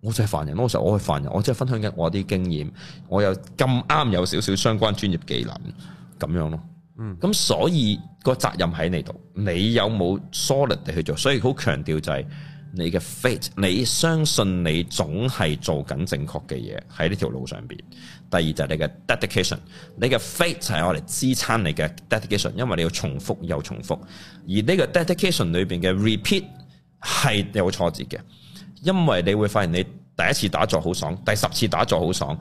我就係凡人，老實我係凡人，我即係分享緊我啲經驗，我又咁啱有少少相關專業技能，咁樣咯，嗯，咁所以個責任喺你度，你有冇 solid 地去做？所以好強調就係，是。你嘅 fate 你相信你總係做緊正確嘅嘢喺呢條路上邊。第二就係你嘅 dedication，你嘅 fate 就係我嚟支撐你嘅 dedication，因為你要重複又重複。而呢個 dedication 裏邊嘅 repeat 係有挫折嘅，因為你會發現你第一次打坐好爽，第十次打坐好爽，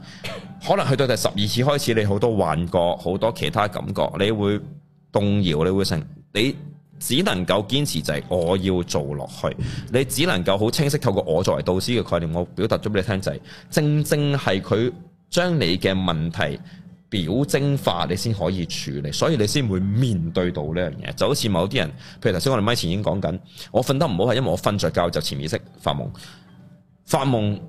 可能去到第十二次開始你好多幻覺，好多其他感覺，你會動搖，你會成你。只能夠堅持就係我要做落去，你只能夠好清晰透過我作為導師嘅概念，我表達咗俾你聽就係，正正係佢將你嘅問題表徵化，你先可以處理，所以你先會面對到呢樣嘢。就好似某啲人，譬如頭先我哋咪前已經講緊，我瞓得唔好係因為我瞓着覺就潛意識發夢，發夢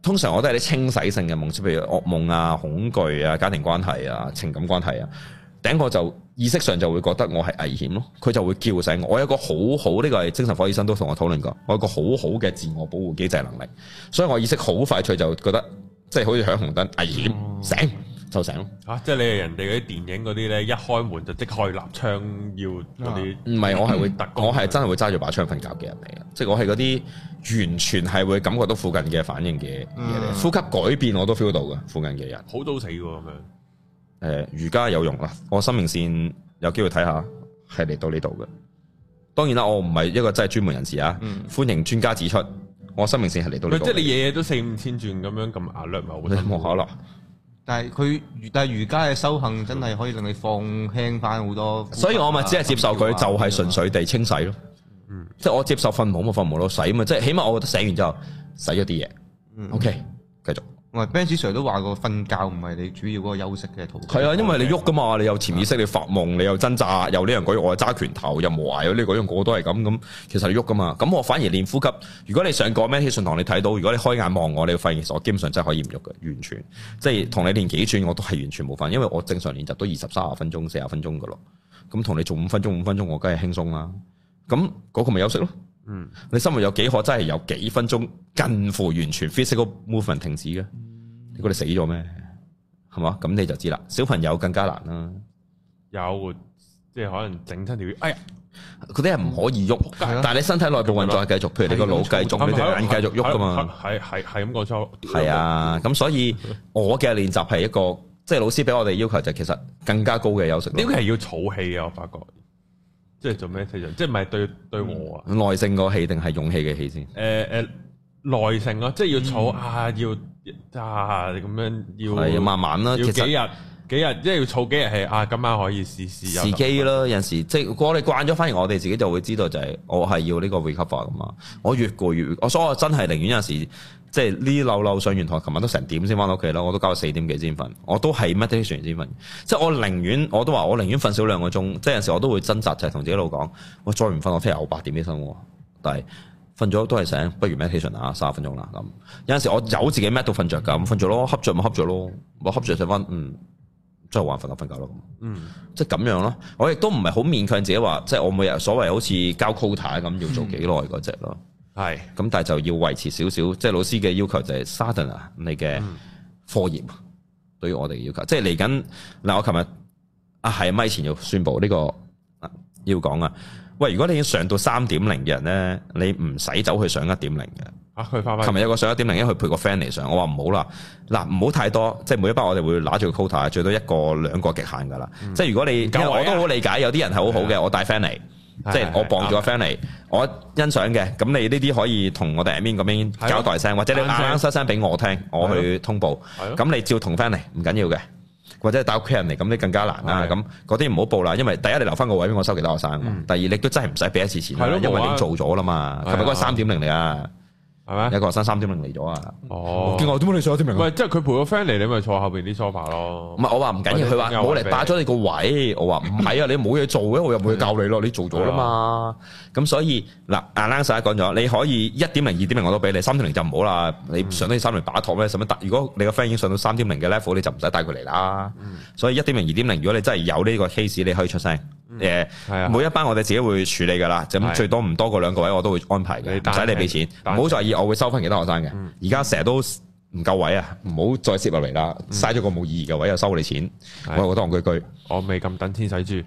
通常我都係啲清洗性嘅夢，即譬如噩夢啊、恐懼啊、家庭關係啊、情感關係啊，頂個就。意識上就會覺得我係危險咯，佢就會叫醒我。我有一個好好呢個係精神科醫生都同我討論過，我有一個好好嘅自我保護機制能力，所以我意識好快脆就覺得即係、就是、好似響紅燈危險醒就醒咯。嚇、嗯啊！即係你係人哋嗰啲電影嗰啲咧，一開門就即開立槍要嗰啲。唔係我係會突，我係、嗯、真係會揸住把槍瞓覺嘅人嚟嘅，即、就、係、是、我係嗰啲完全係會感覺到附近嘅反應嘅嘢、嗯、呼吸改變我都 feel 到嘅附近嘅人，好到死喎咁樣。嗯嗯。誒，瑜伽有用啊，我生命線有機會睇下，係嚟到呢度嘅。當然啦，我唔係一個真係專門人士啊。嗯、歡迎專家指出，我生命線係嚟到呢度。即係你夜夜都四五千轉咁樣咁壓力咪好咧？冇、嗯、可能。但係佢，但係瑜伽嘅修行真係可以令你放輕翻好多。所以我咪只係接受佢，就係、是、純粹地清洗咯。嗯，即係我接受瞓好咪瞓，瞓毛攞洗啊嘛，即係起碼我覺得醒完之後洗咗啲嘢。嗯，OK，繼續。唔係 Benz sir 都話過，瞓覺唔係你主要嗰個休息嘅途徑。係啊，因為你喐噶嘛，你有潛意識，的你發夢，你又掙扎，又呢樣嗰樣，我又揸拳頭，又無涯，有呢樣嗰樣，個個都係咁咁。其實你喐噶嘛。咁我反而練呼吸。如果你上個咩氣信堂，你睇到。如果你開眼望我，你會發現其實我基本上真係可以唔喐嘅，完全即係同你練幾轉我都係完全冇煩，因為我正常練習都二十三啊分鐘、四十分鐘噶咯。咁同你做五分鐘、五分鐘，我梗係輕鬆啦。咁嗰個咪休息咯。嗯，你生活有幾可真係有幾分鐘近乎完全 physical movement 停止嘅，嗯、你估你死咗咩？係嘛？咁你就知啦。小朋友更加難啦，有即係可能整親條，哎呀，嗰啲係唔可以喐，嗯、但係你身體內部運作係繼續，吧譬如你個腦繼續你腦，你條眼繼續喐噶嘛？係係係咁講就係啊，咁所以我嘅練習係一個即係、就是、老師俾我哋要求就其實更加高嘅休息，呢個係要儲氣啊？我發覺。即係做咩體現？即係唔係對對我啊？嗯、耐性個氣定係勇氣嘅氣先。誒誒、呃呃，耐性咯，即係要儲、嗯、啊，要咋？你、啊、咁樣要，係要慢慢啦，要幾日。幾日即係要儲幾日氣啊？今晚可以試試自己啦，有陣時即係，如果你哋慣咗，反而我哋自己就會知道就係、是、我係要呢個 recover 噶嘛。我越攰越，我所以我真係寧願有陣時即係呢溜溜上完堂，琴日都成點先翻到屋企咯。我都搞到四點幾先瞓，我都係 meditation 先瞓。即係我寧願，我都話我寧願瞓少兩個鐘。即係有陣時我都會掙扎，就係、是、同自己老講：我再唔瞓，我聽日我八點起身。但係瞓咗都係醒，不如 meditation 啊，三十分鐘啦咁。有陣時我有自己 med 都瞓著噶，咁瞓著咯，瞌着咪瞌着咯，我瞌着就瞓嗯。所以話瞓覺瞓覺咯，嗯，即係咁樣咯。我亦都唔係好勉強自己話，即係我每日所謂好似交 quota 咁，要做幾耐嗰隻咯。係、嗯，咁但係就要維持少少。即係老師嘅要求就係 Sutherland 你嘅課業，對於我哋嘅要求，即係嚟緊嗱。我琴日啊係咪前要宣布呢個要講啊？喂，如果你已經上到三點零嘅人咧，你唔使走去上一點零嘅。啊！佢翻，琴日有個上一點零一，去陪個 friend 嚟上，我話唔好啦，嗱唔好太多，即係每一班我哋會拿住個 quota，最多一個兩個極限噶啦。即係如果你，我都好理解，有啲人係好好嘅，我帶 friend 嚟，即係我傍住個 friend 嚟，我欣賞嘅。咁你呢啲可以同我哋 admin 咁樣交代聲，或者你收聲俾我聽，我去通報。咁你照同 friend 嚟唔緊要嘅，或者帶屋企人嚟，咁你更加難啦。咁嗰啲唔好報啦，因為第一你留翻個位俾我收其他學生，第二你都真係唔使俾一次錢，因為你做咗啦嘛。琴日嗰個三點零嚟啊！係咩？一個學生三點零嚟咗啊！哦，叫我點解你上一點零？唔係，即係佢陪個 friend 嚟，你咪坐後邊啲 sofa 咯。唔係，我話唔緊要，佢話我嚟霸咗你個位。我話唔係啊，你冇嘢做嘅，我又唔會教你咯。你做咗啦嘛。咁所以嗱，阿 Lance 一講咗，你可以一點零、二點零我都俾你，三點零就唔好啦。你上到三點零打托咩？使乜帶？如果你個 friend 已經上到三點零嘅 level，你就唔使帶佢嚟啦。所以一點零、二點零，如果你真係有呢個 case，你可以出聲。誒，嗯啊、每一班我哋自己會處理噶啦，咁、啊、最多唔多過兩個位，我都會安排嘅，唔使你俾錢，唔好純在意，我會收翻其他學生嘅。而家成日都唔夠位啊，唔好再攝入嚟啦，嘥咗、嗯、個冇意義嘅位又收你哋錢，啊、我話我戇居居。我未咁等天使住。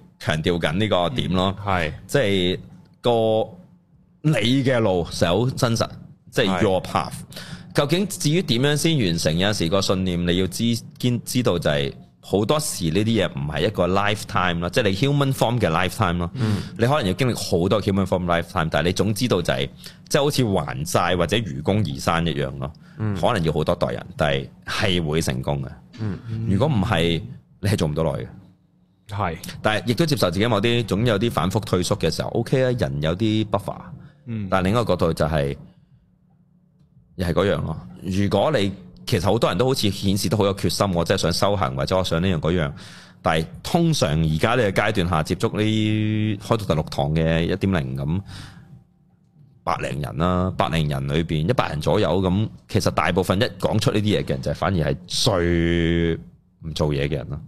強調緊呢個點咯，係、嗯、即係個你嘅路實好真實，是即係 your path。是究竟至於點樣先完成？有時個信念你要知堅知道就係，好多時呢啲嘢唔係一個 lifetime 咯，即係你 human form 嘅 lifetime 咯、嗯。你可能要經歷好多 human form lifetime，但係你總知道就係即係好似還債或者愚公移山一樣咯，嗯、可能要好多代人，但係係會成功嘅。嗯嗯、如果唔係，你係做唔到耐嘅。係，是但係亦都接受自己某啲，總有啲反覆退縮嘅時候。O K 啦，人有啲 buffer。嗯，但係另一個角度就係、是，又係嗰樣咯。如果你其實好多人都好似顯示得好有決心，我真係想修行或者我想呢樣嗰樣，但係通常而家呢個階段下接觸呢開到第六堂嘅一點零咁，百零人啦，百零人裏邊一百人左右咁，其實大部分一講出呢啲嘢嘅人就是、反而係最唔做嘢嘅人咯。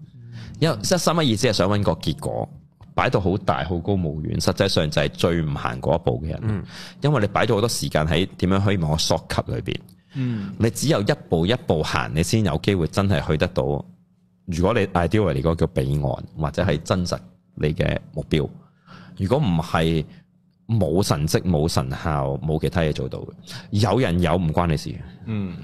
因為一心嘅意思係想搵個結果，擺到好大好高騖遠，實際上就係最唔行嗰一步嘅人。嗯、因為你擺咗好多時間喺點樣可以望我索級裏邊，嗯、你只有一步一步行，你先有機會真係去得到。如果你 ideal 嚟嗰叫彼岸或者係真實你嘅目標，如果唔係冇神跡、冇神效、冇其他嘢做到嘅，有人有唔關你事。嗯。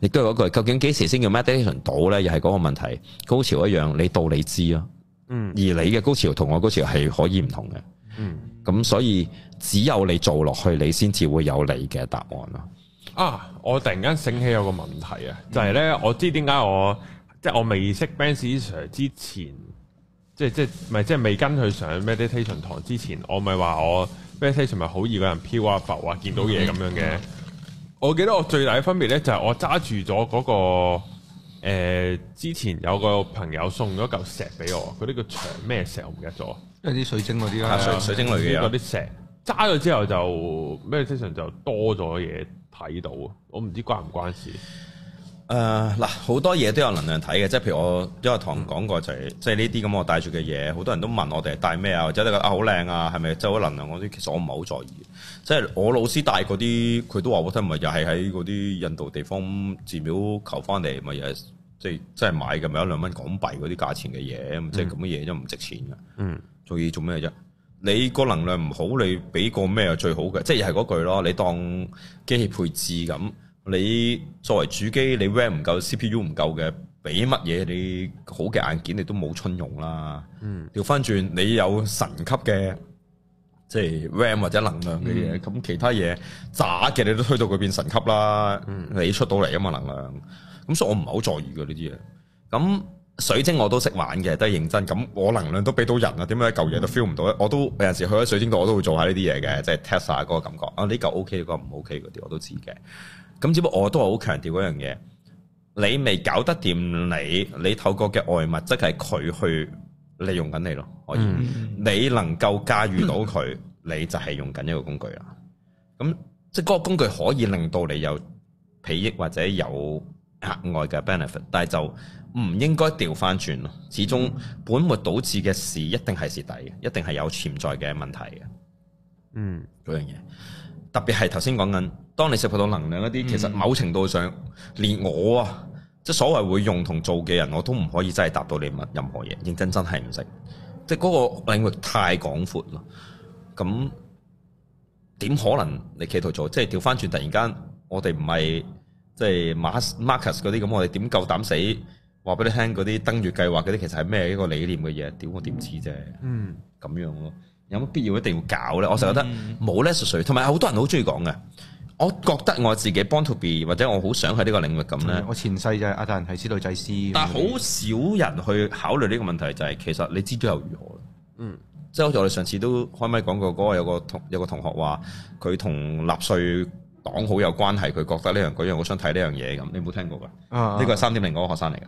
亦都係嗰句，究竟幾時先叫 meditation 到咧？又係嗰個問題。高潮一樣，你到你知咯。嗯。而你嘅高潮同我高潮係可以唔同嘅。嗯。咁所以只有你做落去，你先至會有你嘅答案咯。啊！我突然間醒起有個問題啊，就係咧，我知點解我即係我未識 Ben Sir 之前，即係即係唔係即係未跟佢上 meditation 堂之前，我咪話我 meditation 咪好易個人飄啊浮啊，見到嘢咁樣嘅。嗯嗯嗯。我記得我最大嘅分別咧，那個，就係我揸住咗嗰個誒，之前有個朋友送咗嚿石俾我，佢呢個牆咩石，我唔記得咗，係啲水晶嗰啲啦，啊、水晶類嘅嗰啲石，揸咗之後就咩，即場就多咗嘢睇到，我唔知關唔關事。誒嗱，呃、好多嘢都有能量睇嘅，即係譬如我因為同人講過就係，即係呢啲咁我帶住嘅嘢，好多人都問我哋帶咩啊，或者你覺得好靚啊，係咪即係嗰能量嗰啲？其實我唔係好在意即係我老師帶嗰啲，佢都話我睇唔係又係喺嗰啲印度地方寺廟求翻嚟，咪又係即係即係買嘅，咪一兩蚊港幣嗰啲價錢嘅嘢，嗯、即係咁嘅嘢，因為唔值錢嘅。嗯，仲要做咩啫？你個能量唔好，你俾個咩係最好嘅？即係又係嗰句咯，你當機器配置咁。你作為主機，你 RAM 唔夠，CPU 唔夠嘅，俾乜嘢你好嘅硬件，你都冇春用啦。調翻轉，你有神級嘅，即係 RAM 或者能量嘅嘢，咁、嗯、其他嘢渣嘅你都推到佢變神級啦。嗯、你出到嚟啊嘛，能量。咁所以我唔係好在意嘅呢啲嘢。咁水晶我都識玩嘅，都係認真。咁我能量都俾到人啦。點解嚿嘢都 feel 唔到咧？我都有陣時去咗水晶度，我都會做下呢啲嘢嘅，即係 test 下嗰個感覺。啊呢嚿 OK，嗰個唔 OK 嗰啲我都知嘅。咁只不過我都係好強調嗰樣嘢，你未搞得掂你，你透過嘅外物即係佢去利用緊你咯。可以，嗯，你能夠駕馭到佢，你就係用緊一個工具啦。咁即係嗰個工具可以令到你有裨益或者有額外嘅 benefit，但係就唔應該調翻轉咯。始終本末倒置嘅事一定係蝕底嘅，一定係有潛在嘅問題嘅。嗯，嗰樣嘢。特別係頭先講緊，當你吸收到能量一啲，其實某程度上，嗯、連我啊，即係所謂會用同做嘅人，我都唔可以真係答到你問任何嘢，認真真係唔識，即係嗰個領域太廣闊啦。咁點可能你企圖做？即係調翻轉，突然間我哋唔係即係馬 Marcus 嗰啲咁，我哋點夠膽死話俾你聽嗰啲登月計劃嗰啲其實係咩一個理念嘅嘢？屌我點知啫？嗯，咁樣咯。有乜必要一定要搞咧？我就覺得冇咧，誰？同埋好多人好中意講嘅，我覺得我自己 born to be，或者我好想喺呢個領域咁咧、嗯。我前世就係阿達人係師女祭司。但係好少人去考慮呢個問題、就是，就係其實你知道又如何，嗯，即係好似我哋上次都開咪講過，嗰、嗰個有個同有個同學話佢同納粹黨好有關係，佢覺得呢樣嗰樣，我想睇呢樣嘢咁，你有冇聽過㗎？呢個係三點零嗰個學生嚟㗎。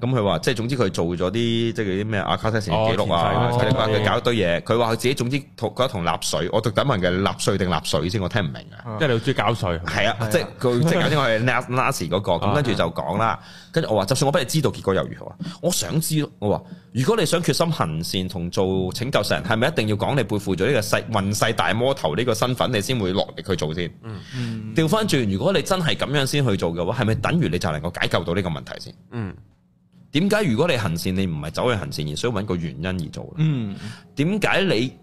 咁佢話，即係總之佢做咗啲，即係啲咩阿卡西特成記錄啊，佢哋話佢搞一堆嘢。佢話佢自己總之覺得同納稅，我對等問嘅納稅定納稅先，我聽唔明啊。因係你中意交稅係啊，啊啊即係佢 即係，反正我係 l a s 嗰個咁、那個，跟住就講啦。跟住我話，就算我俾你知道結果又如何啊？我想知咯。我話，如果你想決心行善同做拯救世人，係咪一定要講你背負咗呢個世運世大魔頭呢個身份，你先會落力去做先、嗯？嗯嗯。調翻轉，如果你真係咁樣先去做嘅話，係咪等於你就能夠解救到呢個問題先？嗯。點解如果你行善，你唔係走去行善，而需要揾個原因而做？嗯，點解你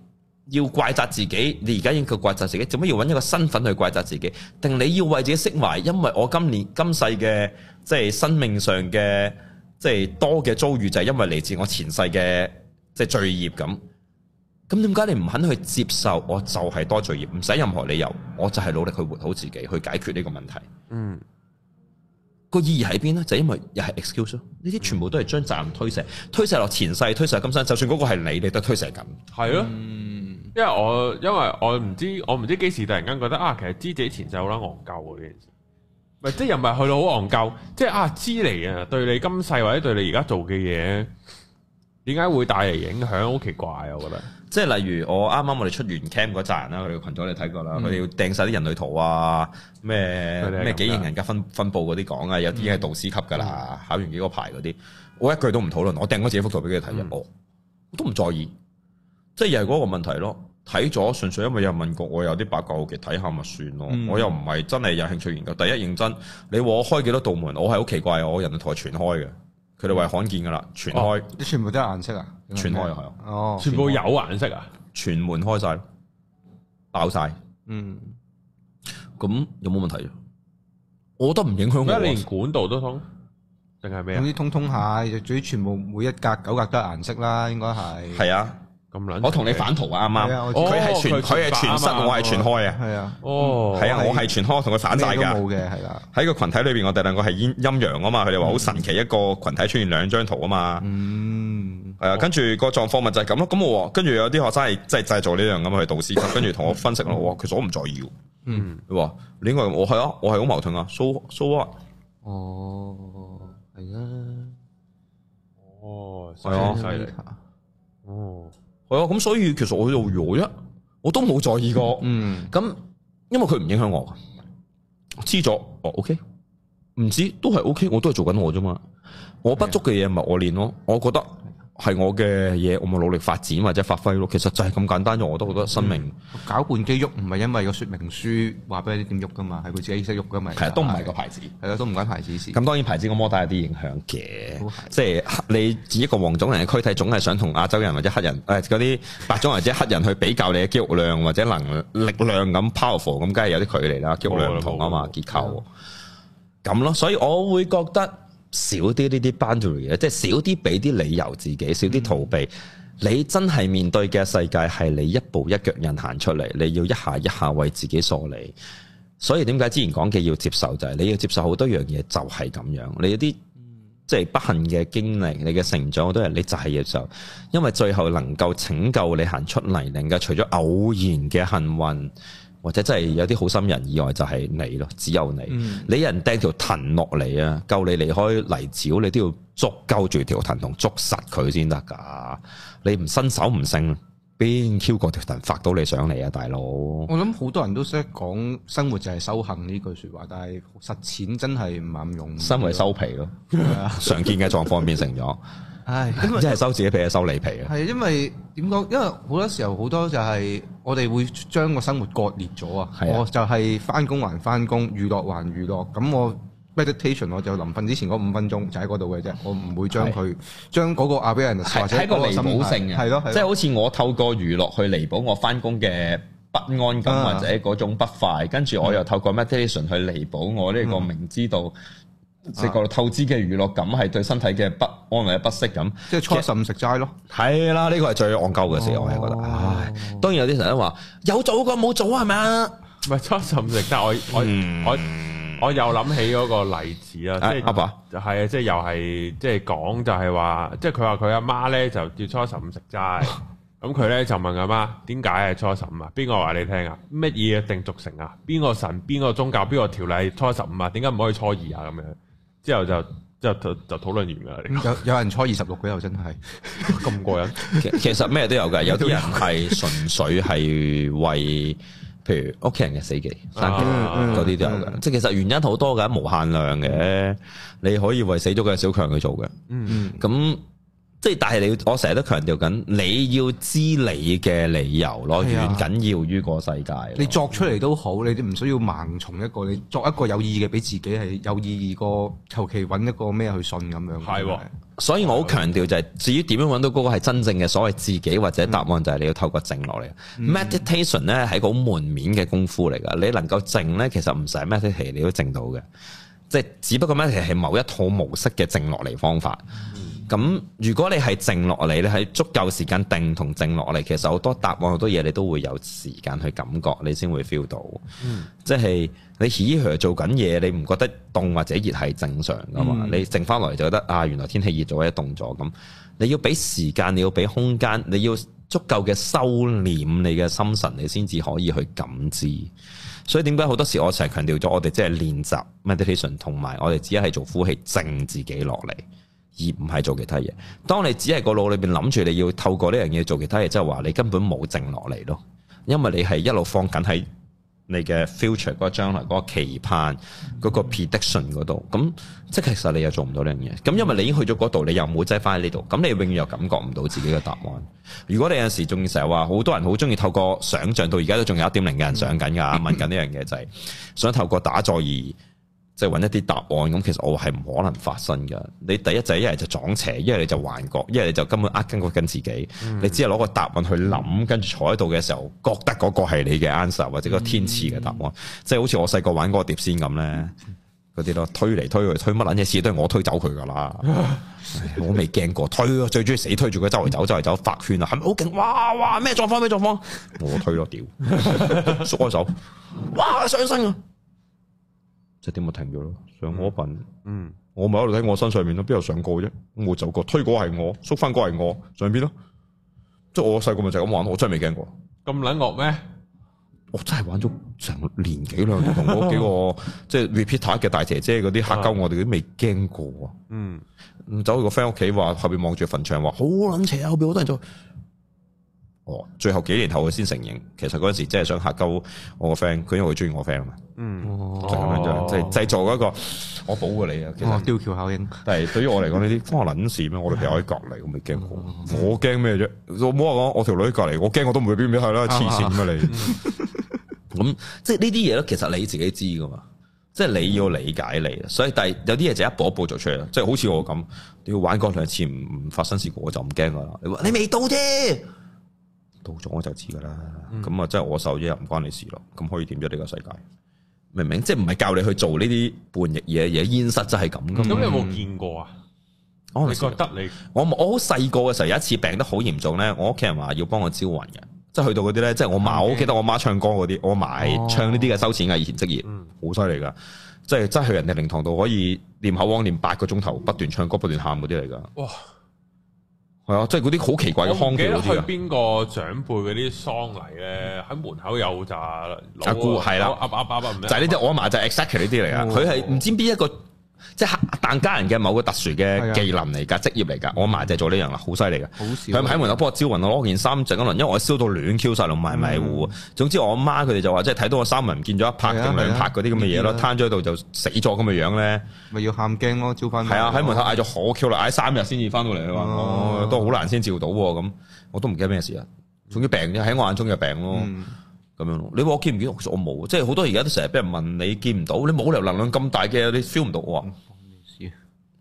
要怪責自己？你而家應該怪責自己，做乜要揾一個身份去怪責自己？定你要為自己釋懷？因為我今年今世嘅即係生命上嘅即係多嘅遭遇，就係因為嚟自我前世嘅即係罪孽咁。咁點解你唔肯去接受？我就係多罪孽，唔使任何理由，我就係努力去活好自己，去解決呢個問題。嗯。個意義喺邊咧？就是、因為又係 excuse 咯，呢啲全部都係將責任推卸，推卸落前世，推卸今生。就算嗰個係你，你都推卸緊。係咯、啊嗯，因為我因為我唔知我唔知幾時突然間覺得啊，其實知自己前世好啦，戇鳩嘅呢件事，唔係即係又唔係去到好戇鳩，即、就、係、是、啊知你啊，對你今世或者對你而家做嘅嘢。點解會帶嚟影響？好奇怪啊！我覺得，即係例如我啱啱我哋出完 camp 嗰陣啦，佢哋群組你睇過啦，佢哋、嗯、要訂晒啲人類圖啊，咩咩幾型人格分分布嗰啲講啊，有啲係導師級噶啦，嗯、考完幾個牌嗰啲，我一句都唔討論，我訂嗰自己幅圖俾佢睇啫，我都唔在意。即係又係嗰個問題咯，睇咗純粹因為有問局，我有啲八卦好奇睇下咪算咯，我，看看、嗯、我又唔係真係有興趣研究。第一認真，你話我開幾多道門，我係好奇怪，我人類圖係全開嘅。佢哋話罕見噶啦，全開，你、哦、全，開全部都有顏色啊？全開係啊，哦，全，開全部有顏色啊？全門開晒，爆晒，嗯，咁有冇問題？我覺得唔影響，而家連管道都通，定係咩啊？總之通，通通下，就最全部每一格九格都係顏色啦，應該係，係啊。我同你反圖啊，啱啱。佢係全佢係全實，我係全開啊。係啊，哦，係啊，我係全開，同佢反晒㗎。冇嘅，係啦。喺個群體裏邊，我哋兩個係陰陰陽啊嘛。佢哋話好神奇，一個群體出現兩張圖啊嘛。嗯，係啊。跟住個狀況咪就係咁咯。咁我跟住有啲學生係即係製造呢樣咁去導師級，跟住同我分析咯。我話其實我唔在意。嗯。話呢個我係咯，我係好矛盾啊。So so what？哦，係啊。哦，係啊，哦。係啊，咁所以其實我又我啫，我都冇在意過。嗯，咁因為佢唔影響我，我哦 okay? 知咗哦，OK，唔知都係 OK，我都係做緊我啫嘛。我不足嘅嘢咪我練咯，我覺得。係我嘅嘢，我咪努力發展或者發揮咯。其實就係咁簡單啫，我都好多生命攪、嗯、拌機喐唔係因為個說明書話俾你點喐噶嘛，係佢自己識喐噶嘛。嗯、其實，都唔係個牌子，係啊，都唔關牌子事。咁當然牌子個摩帶有啲影響嘅，嗯、即係你自己一個黃種人嘅軀體，總係想同亞洲人或者黑人，誒嗰啲白種或者黑人去比較你嘅肌肉量或者能力量咁 powerful，咁梗係有啲距離啦，肌肉量唔同啊嘛，結構咁、哦、咯。所以我會覺得。少啲呢啲 boundary 即係少啲俾啲理由自己，少啲逃避。嗯、你真係面對嘅世界係你一步一腳印行出嚟，你要一下一下為自己梳理。所以點解之前講嘅要接受就係你要接受好多樣嘢就係咁樣。你有啲即係不幸嘅經歷，你嘅成長好多嘢你就係要受。因為最後能夠拯救你行出嚟，能夠除咗偶然嘅幸運，或者真係有啲好心人以外，就係你咯，只有你。嗯、你人掟條藤落嚟啊，救你離開泥沼，你都要捉夠住條藤同捉實佢先得噶。你唔伸手唔勝，邊 Q 過條藤發到你上嚟啊，大佬！我諗好多人都識講生活就係修行呢句說話，但係實踐真係唔咁容易，身為收皮咯， 常見嘅狀況變成咗。係，唉即係收自己皮啊，收離皮啊！係因為點講？因為好多時候好多就係我哋會將個生活割裂咗啊。係啊的，我就係返工還返工，娛樂還娛樂。咁我 meditation 我就臨瞓之前嗰五分鐘就喺嗰度嘅啫，我唔會將佢的將嗰個亞比人或者喺個彌補性嘅，即係好似我透過娛樂去彌補我返工嘅不安感或者嗰種不快，的嗯、跟住我又透過 meditation 去彌補我呢個明知道、嗯。食嗰透支嘅娛樂感，係對身體嘅不安或者不適咁，即係初十五食齋咯。係啦、啊，呢個係最戇鳩嘅時候。我係覺得。唉，當然有啲人話有早過冇早係咪啊？唔係初十五食齋，我我我我又諗起嗰個例子啊，即係阿爸，係啊，即係又係即係講就係、是、話，即係佢話佢阿媽咧就叫初十五食齋，咁佢咧就問阿媽點解係初十五啊？邊個話你聽啊？乜嘢定俗成啊？邊個神？邊個宗教？邊個條例？初十五啊？點解唔可以初二啊？咁樣。之後就之後就就討論完噶有有人初二十六個又真係咁 過癮。其實咩都有噶，有啲人係純粹係為譬如屋企人嘅死忌生忌嗰啲都有噶。嗯嗯、即係其實原因好多噶，無限量嘅。你可以為死咗嘅小強去做嘅，嗯。嗯嗯。咁。即係，但係你我成日都強調緊，你要知你嘅理由咯，遠緊、啊、要於個世界。你作出嚟都好，你都唔需要盲從一個，你作一個有意義嘅，俾自己係有意義過，求其揾一個咩去信咁樣。係、啊，所以我好強調就係，至於點樣揾到嗰個係真正嘅所謂自己或者答案，就係你要透過靜落嚟。嗯、meditation 咧係、嗯、一個門面嘅功夫嚟噶，你能夠靜咧，其實唔使 meditation 你都靜到嘅。即係只不過 meditation 係某一套模式嘅靜落嚟方法。咁如果你係靜落嚟你喺足夠時間定同靜落嚟，其實好多答案好多嘢你都會有時間去感覺，你先會 feel 到。嗯、即係你起嚟做緊嘢，你唔覺得凍或者熱係正常噶嘛？嗯、你靜翻落嚟就覺得啊，原來天氣熱咗或者凍咗咁。你要俾時間，你要俾空間，你要足夠嘅收斂你嘅心神，你先至可以去感知。所以點解好多時我成日強調咗，我哋即係練習 meditation 同埋我哋只係做呼氣靜自己落嚟。而唔係做其他嘢。當你只係個腦裏邊諗住你要透過呢樣嘢做其他嘢，即係話你根本冇靜落嚟咯。因為你係一路放緊喺你嘅 future 嗰個將來嗰個期盼，嗰個 prediction 嗰度。咁即係其實你又做唔到呢樣嘢。咁因為你已經去咗嗰度，你又冇擠翻喺呢度。咁你永遠又感覺唔到自己嘅答案。如果你有陣時仲成日話，好多人好中意透過想象到而家都仲有一點零嘅人想緊噶，問緊呢樣嘢就係想透過打坐而。即係揾一啲答案，咁其實我係唔可能發生嘅。你第一仔一係就撞邪，一係你就幻覺，一係你就根本呃緊個緊自己。嗯、你只係攞個答案去諗，跟住坐喺度嘅時候覺得嗰個係你嘅 answer 或者個天賜嘅答案，答案嗯、即係好似我細個玩嗰個碟仙咁咧嗰啲咯，推嚟推去推乜撚嘢事都係我推走佢噶啦。我未驚過推、啊，最中意死推住佢周圍走，周圍走，發圈啊，係咪好勁？哇哇咩狀況咩狀況？狀況 我推咯，屌，縮開手，哇上身啊！一點冇停咗咯，上嗰份，嗯，我咪喺度睇我身上面咯，邊有上過啫？我走過，推過係我，縮翻過係我上邊咯，即係我細個咪就咁玩，我真係未驚過。咁撚惡咩？我真係玩咗成年幾兩年，同嗰幾個即係 repeater 嘅大姐姐嗰啲黑鳩我哋都未驚過。嗯，走去個 friend 屋企話，後邊望住墳場話好撚邪啊，後邊好多人做。哦，最後幾年後佢先承認，其實嗰時真係想吓鳩我個 friend，佢因為佢中意我 friend 啊嘛。嗯，就咁樣樣，即係製造嗰個我保護你啊。哦，吊橋效應。但係對於我嚟講呢啲，關我卵事咩？我條女喺隔籬，我未驚過，我驚咩啫？我唔好話講，我條女喺隔籬，我驚我都唔會變咩係啦，黐線咁啊你。咁即係呢啲嘢咧，其實你自己知噶嘛，即係你要理解你，所以但係有啲嘢就一步一步做出嚟，即係好似我咁，你要玩過兩次唔唔發生事故，我就唔驚噶啦。你話你未到啫。到咗我就知噶啦，咁啊即係我受咗又唔關你事咯。咁可以點咗呢個世界？明唔明？即係唔係教你去做呢啲叛逆嘢嘢？現實就係咁噶。咁、嗯嗯、你有冇見過啊？我你覺得你我我好細個嘅時候，有一次病得好嚴重咧，我屋企人話要幫我招魂嘅，即係去到嗰啲咧，即係我媽、嗯，我記得我媽唱歌嗰啲，我阿嫲唱呢啲嘅收錢以前職業，好犀利噶，即係真係去人哋靈堂度可以念口簧念八個鐘頭，不斷唱歌不斷喊嗰啲嚟噶。哇係、 嗯就是、啊，即係嗰啲好奇怪嘅腔調嗰啲啊！我唔記得去邊個長輩嗰啲喪禮咧，喺門口有扎阿姑係啦，阿阿阿阿，唔就呢啲我阿嫲就 exactly 呢啲嚟啊！佢係唔知邊一個。即係疍家人嘅某個特殊嘅技能嚟噶，是的 職業嚟噶。我阿嫲就做呢樣啦，好犀利嘅。佢喺門口幫我招魂，我攞件衫著，可能因為我燒到亂 Q 晒，咯，迷迷糊。總之我阿媽佢哋就話，即係睇到我三文見咗一拍定兩拍嗰啲咁嘅嘢咯，攤咗喺度就死咗咁嘅樣咧。咪要喊驚咯，招翻。係啊，喺門口嗌咗好 Q 啦，嗌三日先至翻到嚟啊嘛。都好難先照到喎，咁我都唔記得咩事啊。總之病啫，喺我眼中就病咯。嗯咁樣咯，你話我見唔見？其實我冇，即係好多而家都成日俾人問你見唔到？你冇理由能量咁大嘅，你 feel 唔到我？唔、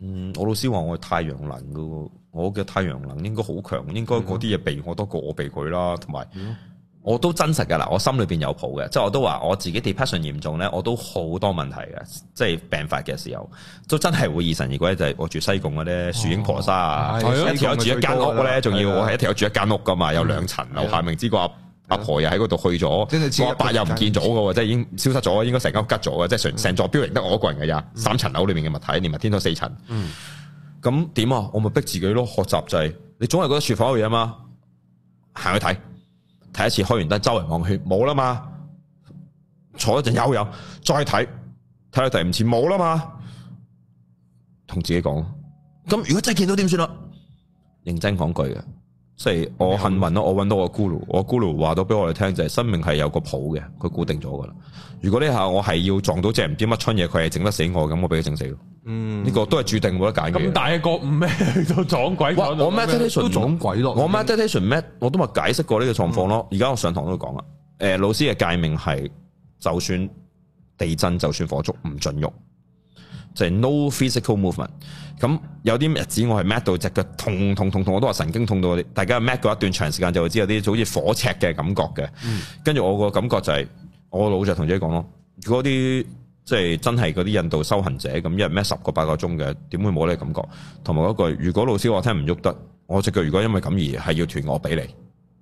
嗯，我老師話我係太陽能噶，我嘅太陽能應該好強，應該嗰啲嘢避我多過我避佢啦。同埋、嗯、哼我都真實噶啦，我心裏邊有譜嘅，即係我都話我自己 depression 嚴重咧，我都好多問題嘅，即係病發嘅時候都真係會疑神疑鬼。就係、是、我住西貢嗰啲樹影婆娑啊，我、哦、一條友住一間屋咧，仲要我係一條友住一間屋噶嘛，的有兩層樓的下明知掛。阿婆又喺嗰度去咗，我阿伯又唔見咗嘅，即係已經消失咗，應該成間屋吉咗嘅，即係成成座 building 得我一個人嘅咋。三層樓裏面嘅物體連埋天都四層。咁點啊？我咪逼自己咯，學習就係你總係覺得廚房有嘢嘛，行去睇，睇一次開完燈周圍望血，冇啦嘛。坐一陣又有，再睇睇到第五次冇啦嘛，同自己講。咁如果真係見到點算啦？認真講句嘅。即係我幸運咯，我揾到個咕嚕，我咕嚕話到俾我哋聽就係生命係有個譜嘅，佢固定咗噶啦。如果呢下我係要撞到隻唔知乜春嘢，佢係整得死我，咁我俾佢整死咯。嗯，呢個都係注定冇得揀嘅。咁大個唔咩都撞鬼，我都撞鬼咯。我 meditation 咩？我都咪解釋過呢個狀況咯。而家我上堂都會講啦。誒、呃，老師嘅界命係，就算地震，就算火燭唔准郁。就係 no physical movement。咁有啲日子我係 mad 到隻腳痛痛痛痛，我都話神經痛到啲。大家 mad 過一段長時間就會知道有啲好似火赤嘅感覺嘅。跟住、嗯、我個感覺就係、是、我老實同自己講咯。如果啲即係真係嗰啲印度修行者咁，一日 mad 十個八個鐘嘅，點會冇呢感覺？同埋嗰句，如果老師話聽唔喐得，我隻腳如果因為咁而係要斷我俾你，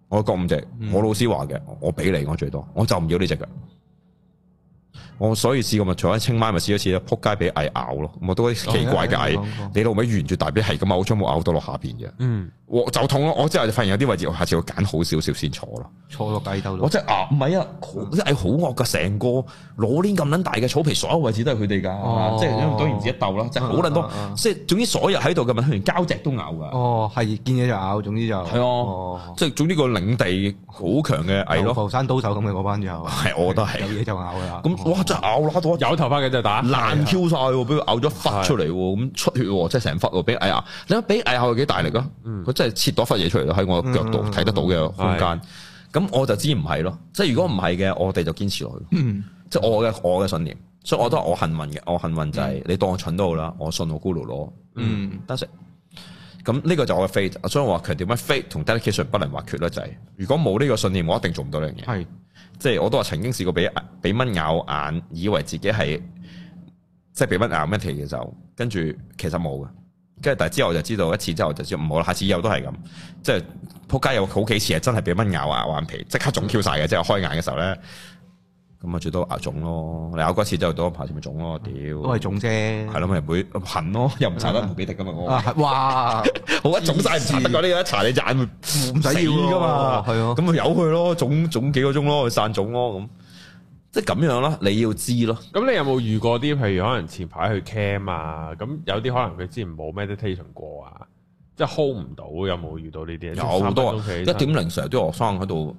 我割五隻。我老師話嘅，嗯、我俾你我最多，我就唔要呢隻腳。我所以試過咪，除咗清邁咪試咗一次，扑街俾蟻咬咯，我都奇怪嘅蟻，啊啊啊啊、你老味沿住大髀係咁咬，好彩冇咬到落下邊嘅。嗯就痛咯，我之後就發現有啲位置，我下次會揀好少少先坐咯。坐落雞兜咯，我真係啊，唔係啊，啲蟻好惡噶，成個攞呢咁撚大嘅草皮，所有位置都係佢哋噶，即係因為當然唔止一竇啦，即係好撚多，即係總之所有喺度嘅蚊蟲連膠席都咬噶。哦，係見嘢就咬，總之就係咯，即係總之個領地好強嘅蟻咯。山刀手咁嘅嗰班就係，我都係有嘢就咬噶。咁哇，真係咬得多，有頭髮嘅就打爛跳晒，俾佢咬咗忽出嚟，咁出血，即係成忽俾蟻啊！你話俾蟻咬幾大力啊？即係切多忽嘢出嚟咯，喺我腳度睇得到嘅空間。咁、嗯、我就知唔係咯。即係如果唔係嘅，我哋就堅持落去。嗯，即係我嘅我嘅信念，所以我都係我幸運嘅。我幸運就係你當我蠢都好啦，我信我咕嚕羅。嗯，得咁呢個就我嘅 faith，所以我話強調乜 faith 同 dedication 不能或缺咯。就係如果冇呢個信念，我一定做唔到呢樣嘢。係是，即係我都話曾經試過俾俾蚊咬眼，以為自己係即係俾蚊咬嘅時候，跟住其實冇嘅。跟住，但係之後我就知道一次之後就唔好啦，下次以後都係咁。即係仆街有好幾次係真係俾蚊咬啊，眼皮即刻腫跳晒嘅，即係開眼嘅時候咧，咁啊最多眼腫咯。你咬嗰次，次就多排次咪腫咯，屌，都係腫啫。係咯，咪會痕咯，又唔搽得冇幾、啊、滴噶嘛。我哇，好 一腫晒唔搽得噶，呢個一搽你隻眼唔使要噶嘛。係咯，咁咪由佢咯，腫腫 幾個鐘咯，佢散腫咯咁。即咁樣咯，你要知咯。咁你有冇遇過啲譬如可能前排去 cam 啊？咁有啲可能佢之前冇 meditation 過啊，即係 hold 唔到。有冇遇到呢啲？有好多，一點零成日都有學生喺度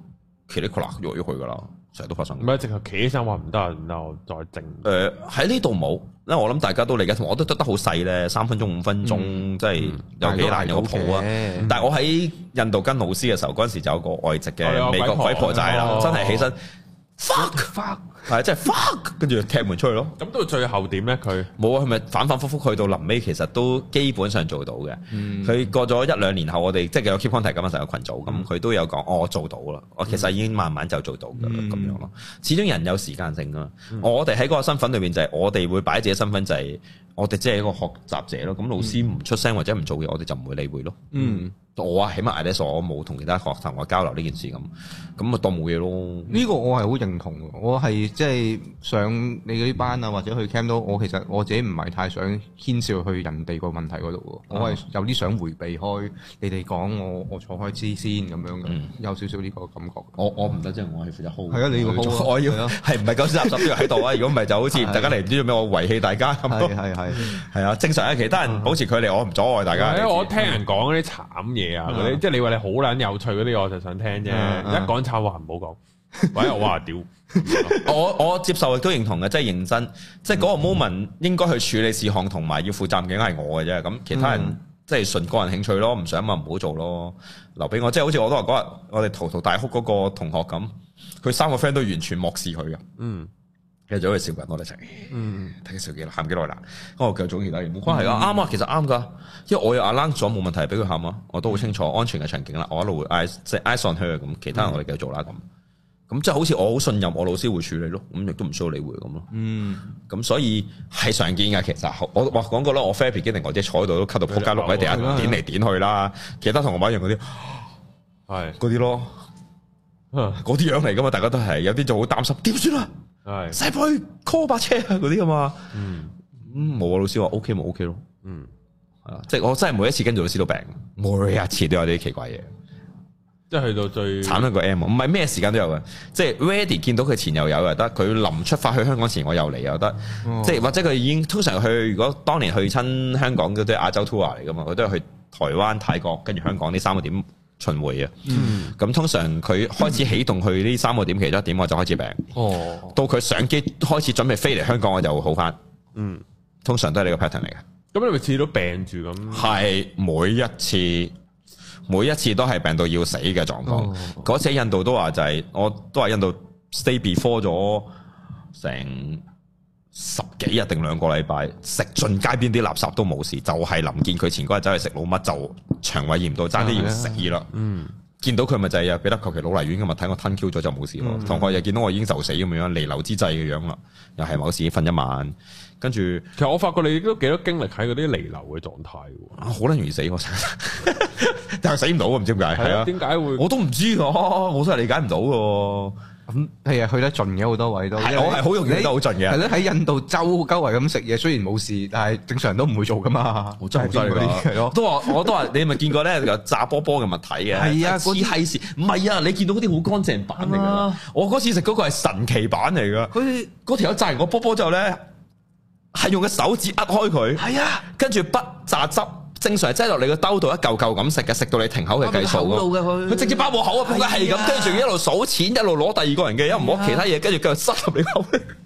騎哩窟喇，躍去噶啦，成日都發生。唔係，淨係企起身話唔得，唔然我再靜。誒、呃，喺呢度冇，因為我諗大家都理解，同我都得得好細咧，三分鐘、五分鐘，嗯、即係有幾難有個譜啊。但係我喺印度跟老師嘅時候，嗰陣時就有個外籍嘅美國鬼婆仔啦，真係起身。嗯嗯嗯嗯嗯 fuck，係啊 Fuck,，即係 fuck，跟住踢門出去咯。咁 到最後點咧？佢冇啊，係咪反反复覆去到臨尾，其實都基本上做到嘅。佢、嗯、過咗一兩年後，我哋即係有 keep on 咁啊，成個群組咁，佢、嗯、都有講、哦，我做到啦。我其實已經慢慢就做到噶啦，咁、嗯、樣咯。始終人有時間性噶嘛。嗯、我哋喺嗰個身份裏邊就係、是，我哋會擺自己身份就係、是，我哋即係一個學習者咯。咁老師唔出聲或者唔做嘢，我哋就唔會理會咯。嗯。嗯我啊，起碼 address 我冇同其他學生我交流呢件事咁，咁咪當冇嘢咯。呢個我係好認同，我係即係上你嗰啲班啊，或者去 camp 都，我其實我自己唔係太想牽涉去人哋個問題嗰度喎。我係有啲想迴避開你哋講我我坐開啲先咁樣嘅，有少少呢個感覺。我我唔得即係我係負責 hold，係啊你要 hold，我要啊，係唔係九集集都要喺度啊？如果唔係就好似大家嚟唔知做咩，我遺棄大家咁咯，係係啊！正常啊，其他人保持距離，我唔阻礙大家。因為我聽人講啲慘嘢。啊！即係你話你好捻有趣嗰啲，我就想聽啫。啊、一講醜話唔好講。 喂，我話屌，我我接受亦都認同嘅，即係認真，即係嗰個 moment 應該去處理事項，同埋要負責任嘅係我嘅啫。咁其他人、嗯、即係純個人興趣咯，唔想咪唔好做咯。留俾我，即係好似我都話嗰日我哋陶陶大哭嗰個同學咁，佢三個 friend 都完全漠視佢嘅。嗯。佢就一小人，我哋就嗯睇佢笑幾耐，喊幾耐啦。咁我繼續做其他嘢，冇關係啊。啱啊、嗯，其實啱噶，因為我有 warn 咗，冇問題，俾佢喊啊。我都好清楚安全嘅場景啦。我一路嗌即係嗌上去咁，其他人我哋繼續做啦。咁咁即係好似我好信任我老師會處理咯。咁亦都唔需要理會咁咯。嗯，咁所以係常見嘅。其實我話講過啦，我 Fairy 機另外者坐喺度都喺到撲街碌喺地下嗎點嚟點去啦。其他都同我一樣嗰啲係嗰啲咯，嗰啲 樣嚟噶嘛。大家都係有啲就好擔心點算啊？係，成去 call 把車嗰啲啊嘛，嗯，冇啊、嗯，老師話 O K 咪 O K 咯，嗯，係啊，即係我真係每一次跟住老師都病， 每一次都有啲奇怪嘢，即係去到最慘一個 M，唔係咩時間都有嘅，即係 ready 見到佢前又有又得，佢臨出發去香港前我又嚟又得，哦、即係或者佢已經通常去如果當年去親香港嗰啲亞洲 tour 嚟噶嘛，佢都係去台灣泰國跟住香港呢三個點。巡回啊，咁、嗯、通常佢開始起動，去呢三個點、嗯、其中一點我就開始病，哦、到佢上機開始準備飛嚟香港，我就好翻。嗯，通常都係、嗯、你個 pattern 嚟嘅。咁你咪次都病住咁。係，每一次，每一次都係病到要死嘅狀況。嗰次、哦哦、印度都話就係、是，我都話印度 stay before 咗成。十幾日定兩個禮拜食盡街邊啲垃圾都冇事，就係臨見佢前嗰日走去食老乜，就腸胃炎到差啲要死啦。嗯，見到佢咪就係啊，畀得求其老嚟院咁咪睇我吞 Q 咗就冇事咯。嗯、同學又見到我已經就死咁樣樣，彌留之際嘅樣啦，又係冇事，瞓一晚，跟住其實我發覺你都幾多經歷喺嗰啲彌留嘅狀態，好難、啊、容易死，我死 但係死唔到，唔知點解係啊？點解的的會？我都唔知我，我真係理解唔到嘅。咁係啊，去得盡嘅好多位都係，我係好容易都好盡嘅。係咧，喺印度周周圍咁食嘢，雖然冇事，但係正常人都唔會做噶嘛。我真係好犀利，都話我都話你咪見過咧，有炸波波嘅物體嘅。係啊，似係事。唔係啊，你見到嗰啲好乾淨版嚟噶。我嗰次食嗰個係神奇版嚟噶。佢嗰條友炸完個波波之後咧，係用個手指呃開佢。係啊，跟住不炸汁。正常係擠落你個兜度一嚿嚿咁食嘅，食到你停口嘅計數。佢直接包我口啊！佢係咁跟住一路數錢，一路攞第二個人嘅，又唔攞其他嘢，跟住繼續塞入你口。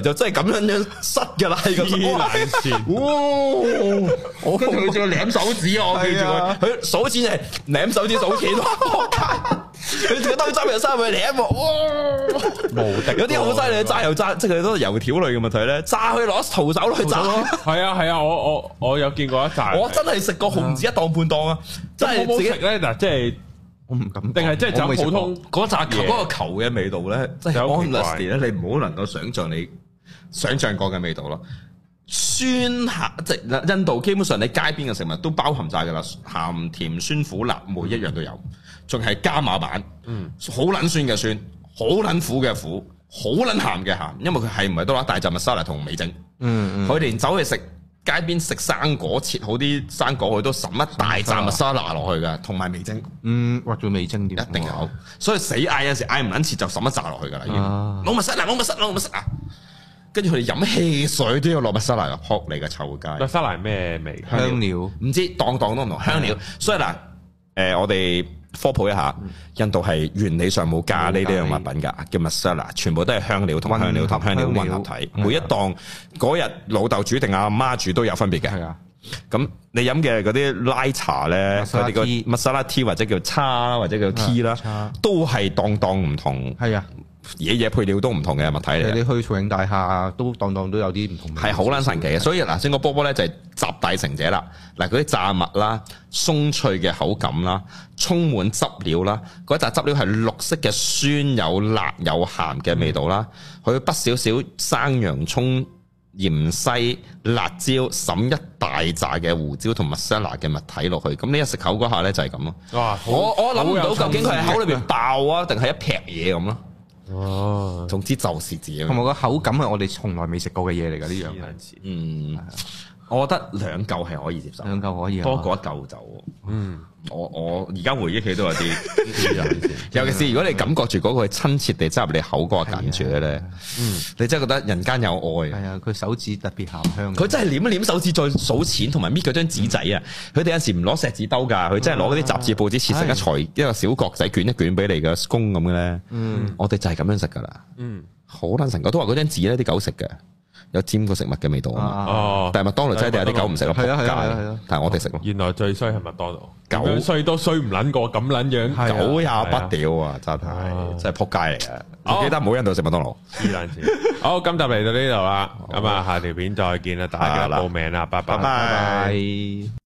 就真係咁樣樣塞噶啦，咁啊！哇！我跟住佢仲要舐手指啊！我記住佢佢手指係舐手指數錢，佢仲要兜針又揸去舐木，哇！無敵有啲好犀利，揸又揸，即係佢都係油條類嘅問題咧，揸去攞徒手去揸咯。係啊係啊，我我我有見過一扎，我真係食過紅紙一檔半檔啊！即係食咧嗱，即係我唔敢，定係即係就普通嗰扎球嗰個球嘅味道咧，即係好怪咧！你唔好能夠想象你。想象過嘅味道咯，酸鹹即係印度基本上你街邊嘅食物都包含晒噶啦，鹹甜酸苦辣每一樣都有，仲係加碼版，嗯，好撚酸嘅酸，好撚苦嘅苦，好撚鹹嘅鹹，因為佢係唔係都攞大集嘅沙拉同味精，嗯佢、嗯、連走去食街邊食生果，切好啲生果佢都撚一大集嘅沙拉落去噶，同埋味精，嗯，或者味精啲，一定有，哇所以死嗌有時嗌唔撚切就撚一紮落去噶啦，攞麥沙拉，攞麥沙拉，攞麥沙拉。跟住佢哋飲汽水都要落抹莎拉，撲你個臭街！密沙拉咩味？香料，唔知檔檔都唔同香料。所以嗱，誒我哋科普一下，印度係原理上冇加呢啲樣物品㗎，叫密沙拉，全部都係香料同香料同香料混合體。每一檔嗰日老豆煮定阿媽煮都有分別嘅。係啊，咁你飲嘅嗰啲拉茶咧，佢哋個抹莎拉 T 或者叫叉或者叫 T 啦，都係檔檔唔同。係啊。嘢嘢配料都唔同嘅物體嚟，你去財景大廈都檔檔都有啲唔同。係好撚神奇嘅，對所以嗱，整個波波咧就係集大成者啦。嗱，嗰啲炸物啦，鬆脆嘅口感啦，充滿汁料啦，嗰扎汁料係綠色嘅酸有辣有鹹嘅味道啦，佢不、嗯、少少生洋葱、芫茜、辣椒、滲一大扎嘅胡椒同墨西哥嘅物體落去。咁呢一食口嗰下咧就係咁咯。哇！我我諗唔到究竟佢係口裏面爆啊，定係一劈嘢咁咯？哦，哇總之就是自己，同埋個口感係我哋從來未食過嘅嘢嚟㗎呢樣，嗯。我覺得兩嚿係可以接受，兩嚿可以多過一嚿就，嗯，我我而家回憶起都有啲， 尤其是如果你感覺住嗰、那個係親切地走入你口嗰個感觸咧，嗯、啊，你真係覺得人間有愛。係啊，佢手指特別鹹香。佢真係攬一攬手指再數錢，同埋搣佢張紙仔啊！佢哋、嗯、有時唔攞錫紙兜㗎，佢真係攞嗰啲雜誌報紙切成一裁一個小角仔捲捲，捲一捲俾你嘅工咁嘅咧。嗯，我哋就係咁樣食㗎啦。嗯，好撚神奇，嗯、個都話嗰張紙咧啲狗食嘅。有沾個食物嘅味道啊嘛！但係麥當勞真係一定有啲狗唔食啊，撲街！但係我哋食咯。原來最衰係麥當勞，狗衰都衰唔撚過咁撚樣，狗也不屌啊！真係真係撲街嚟啊！我記得唔好喺度食麥當勞。是但事。好，今集嚟到呢度啦，咁啊，下條片再見啦，大家報名啦，拜拜拜拜。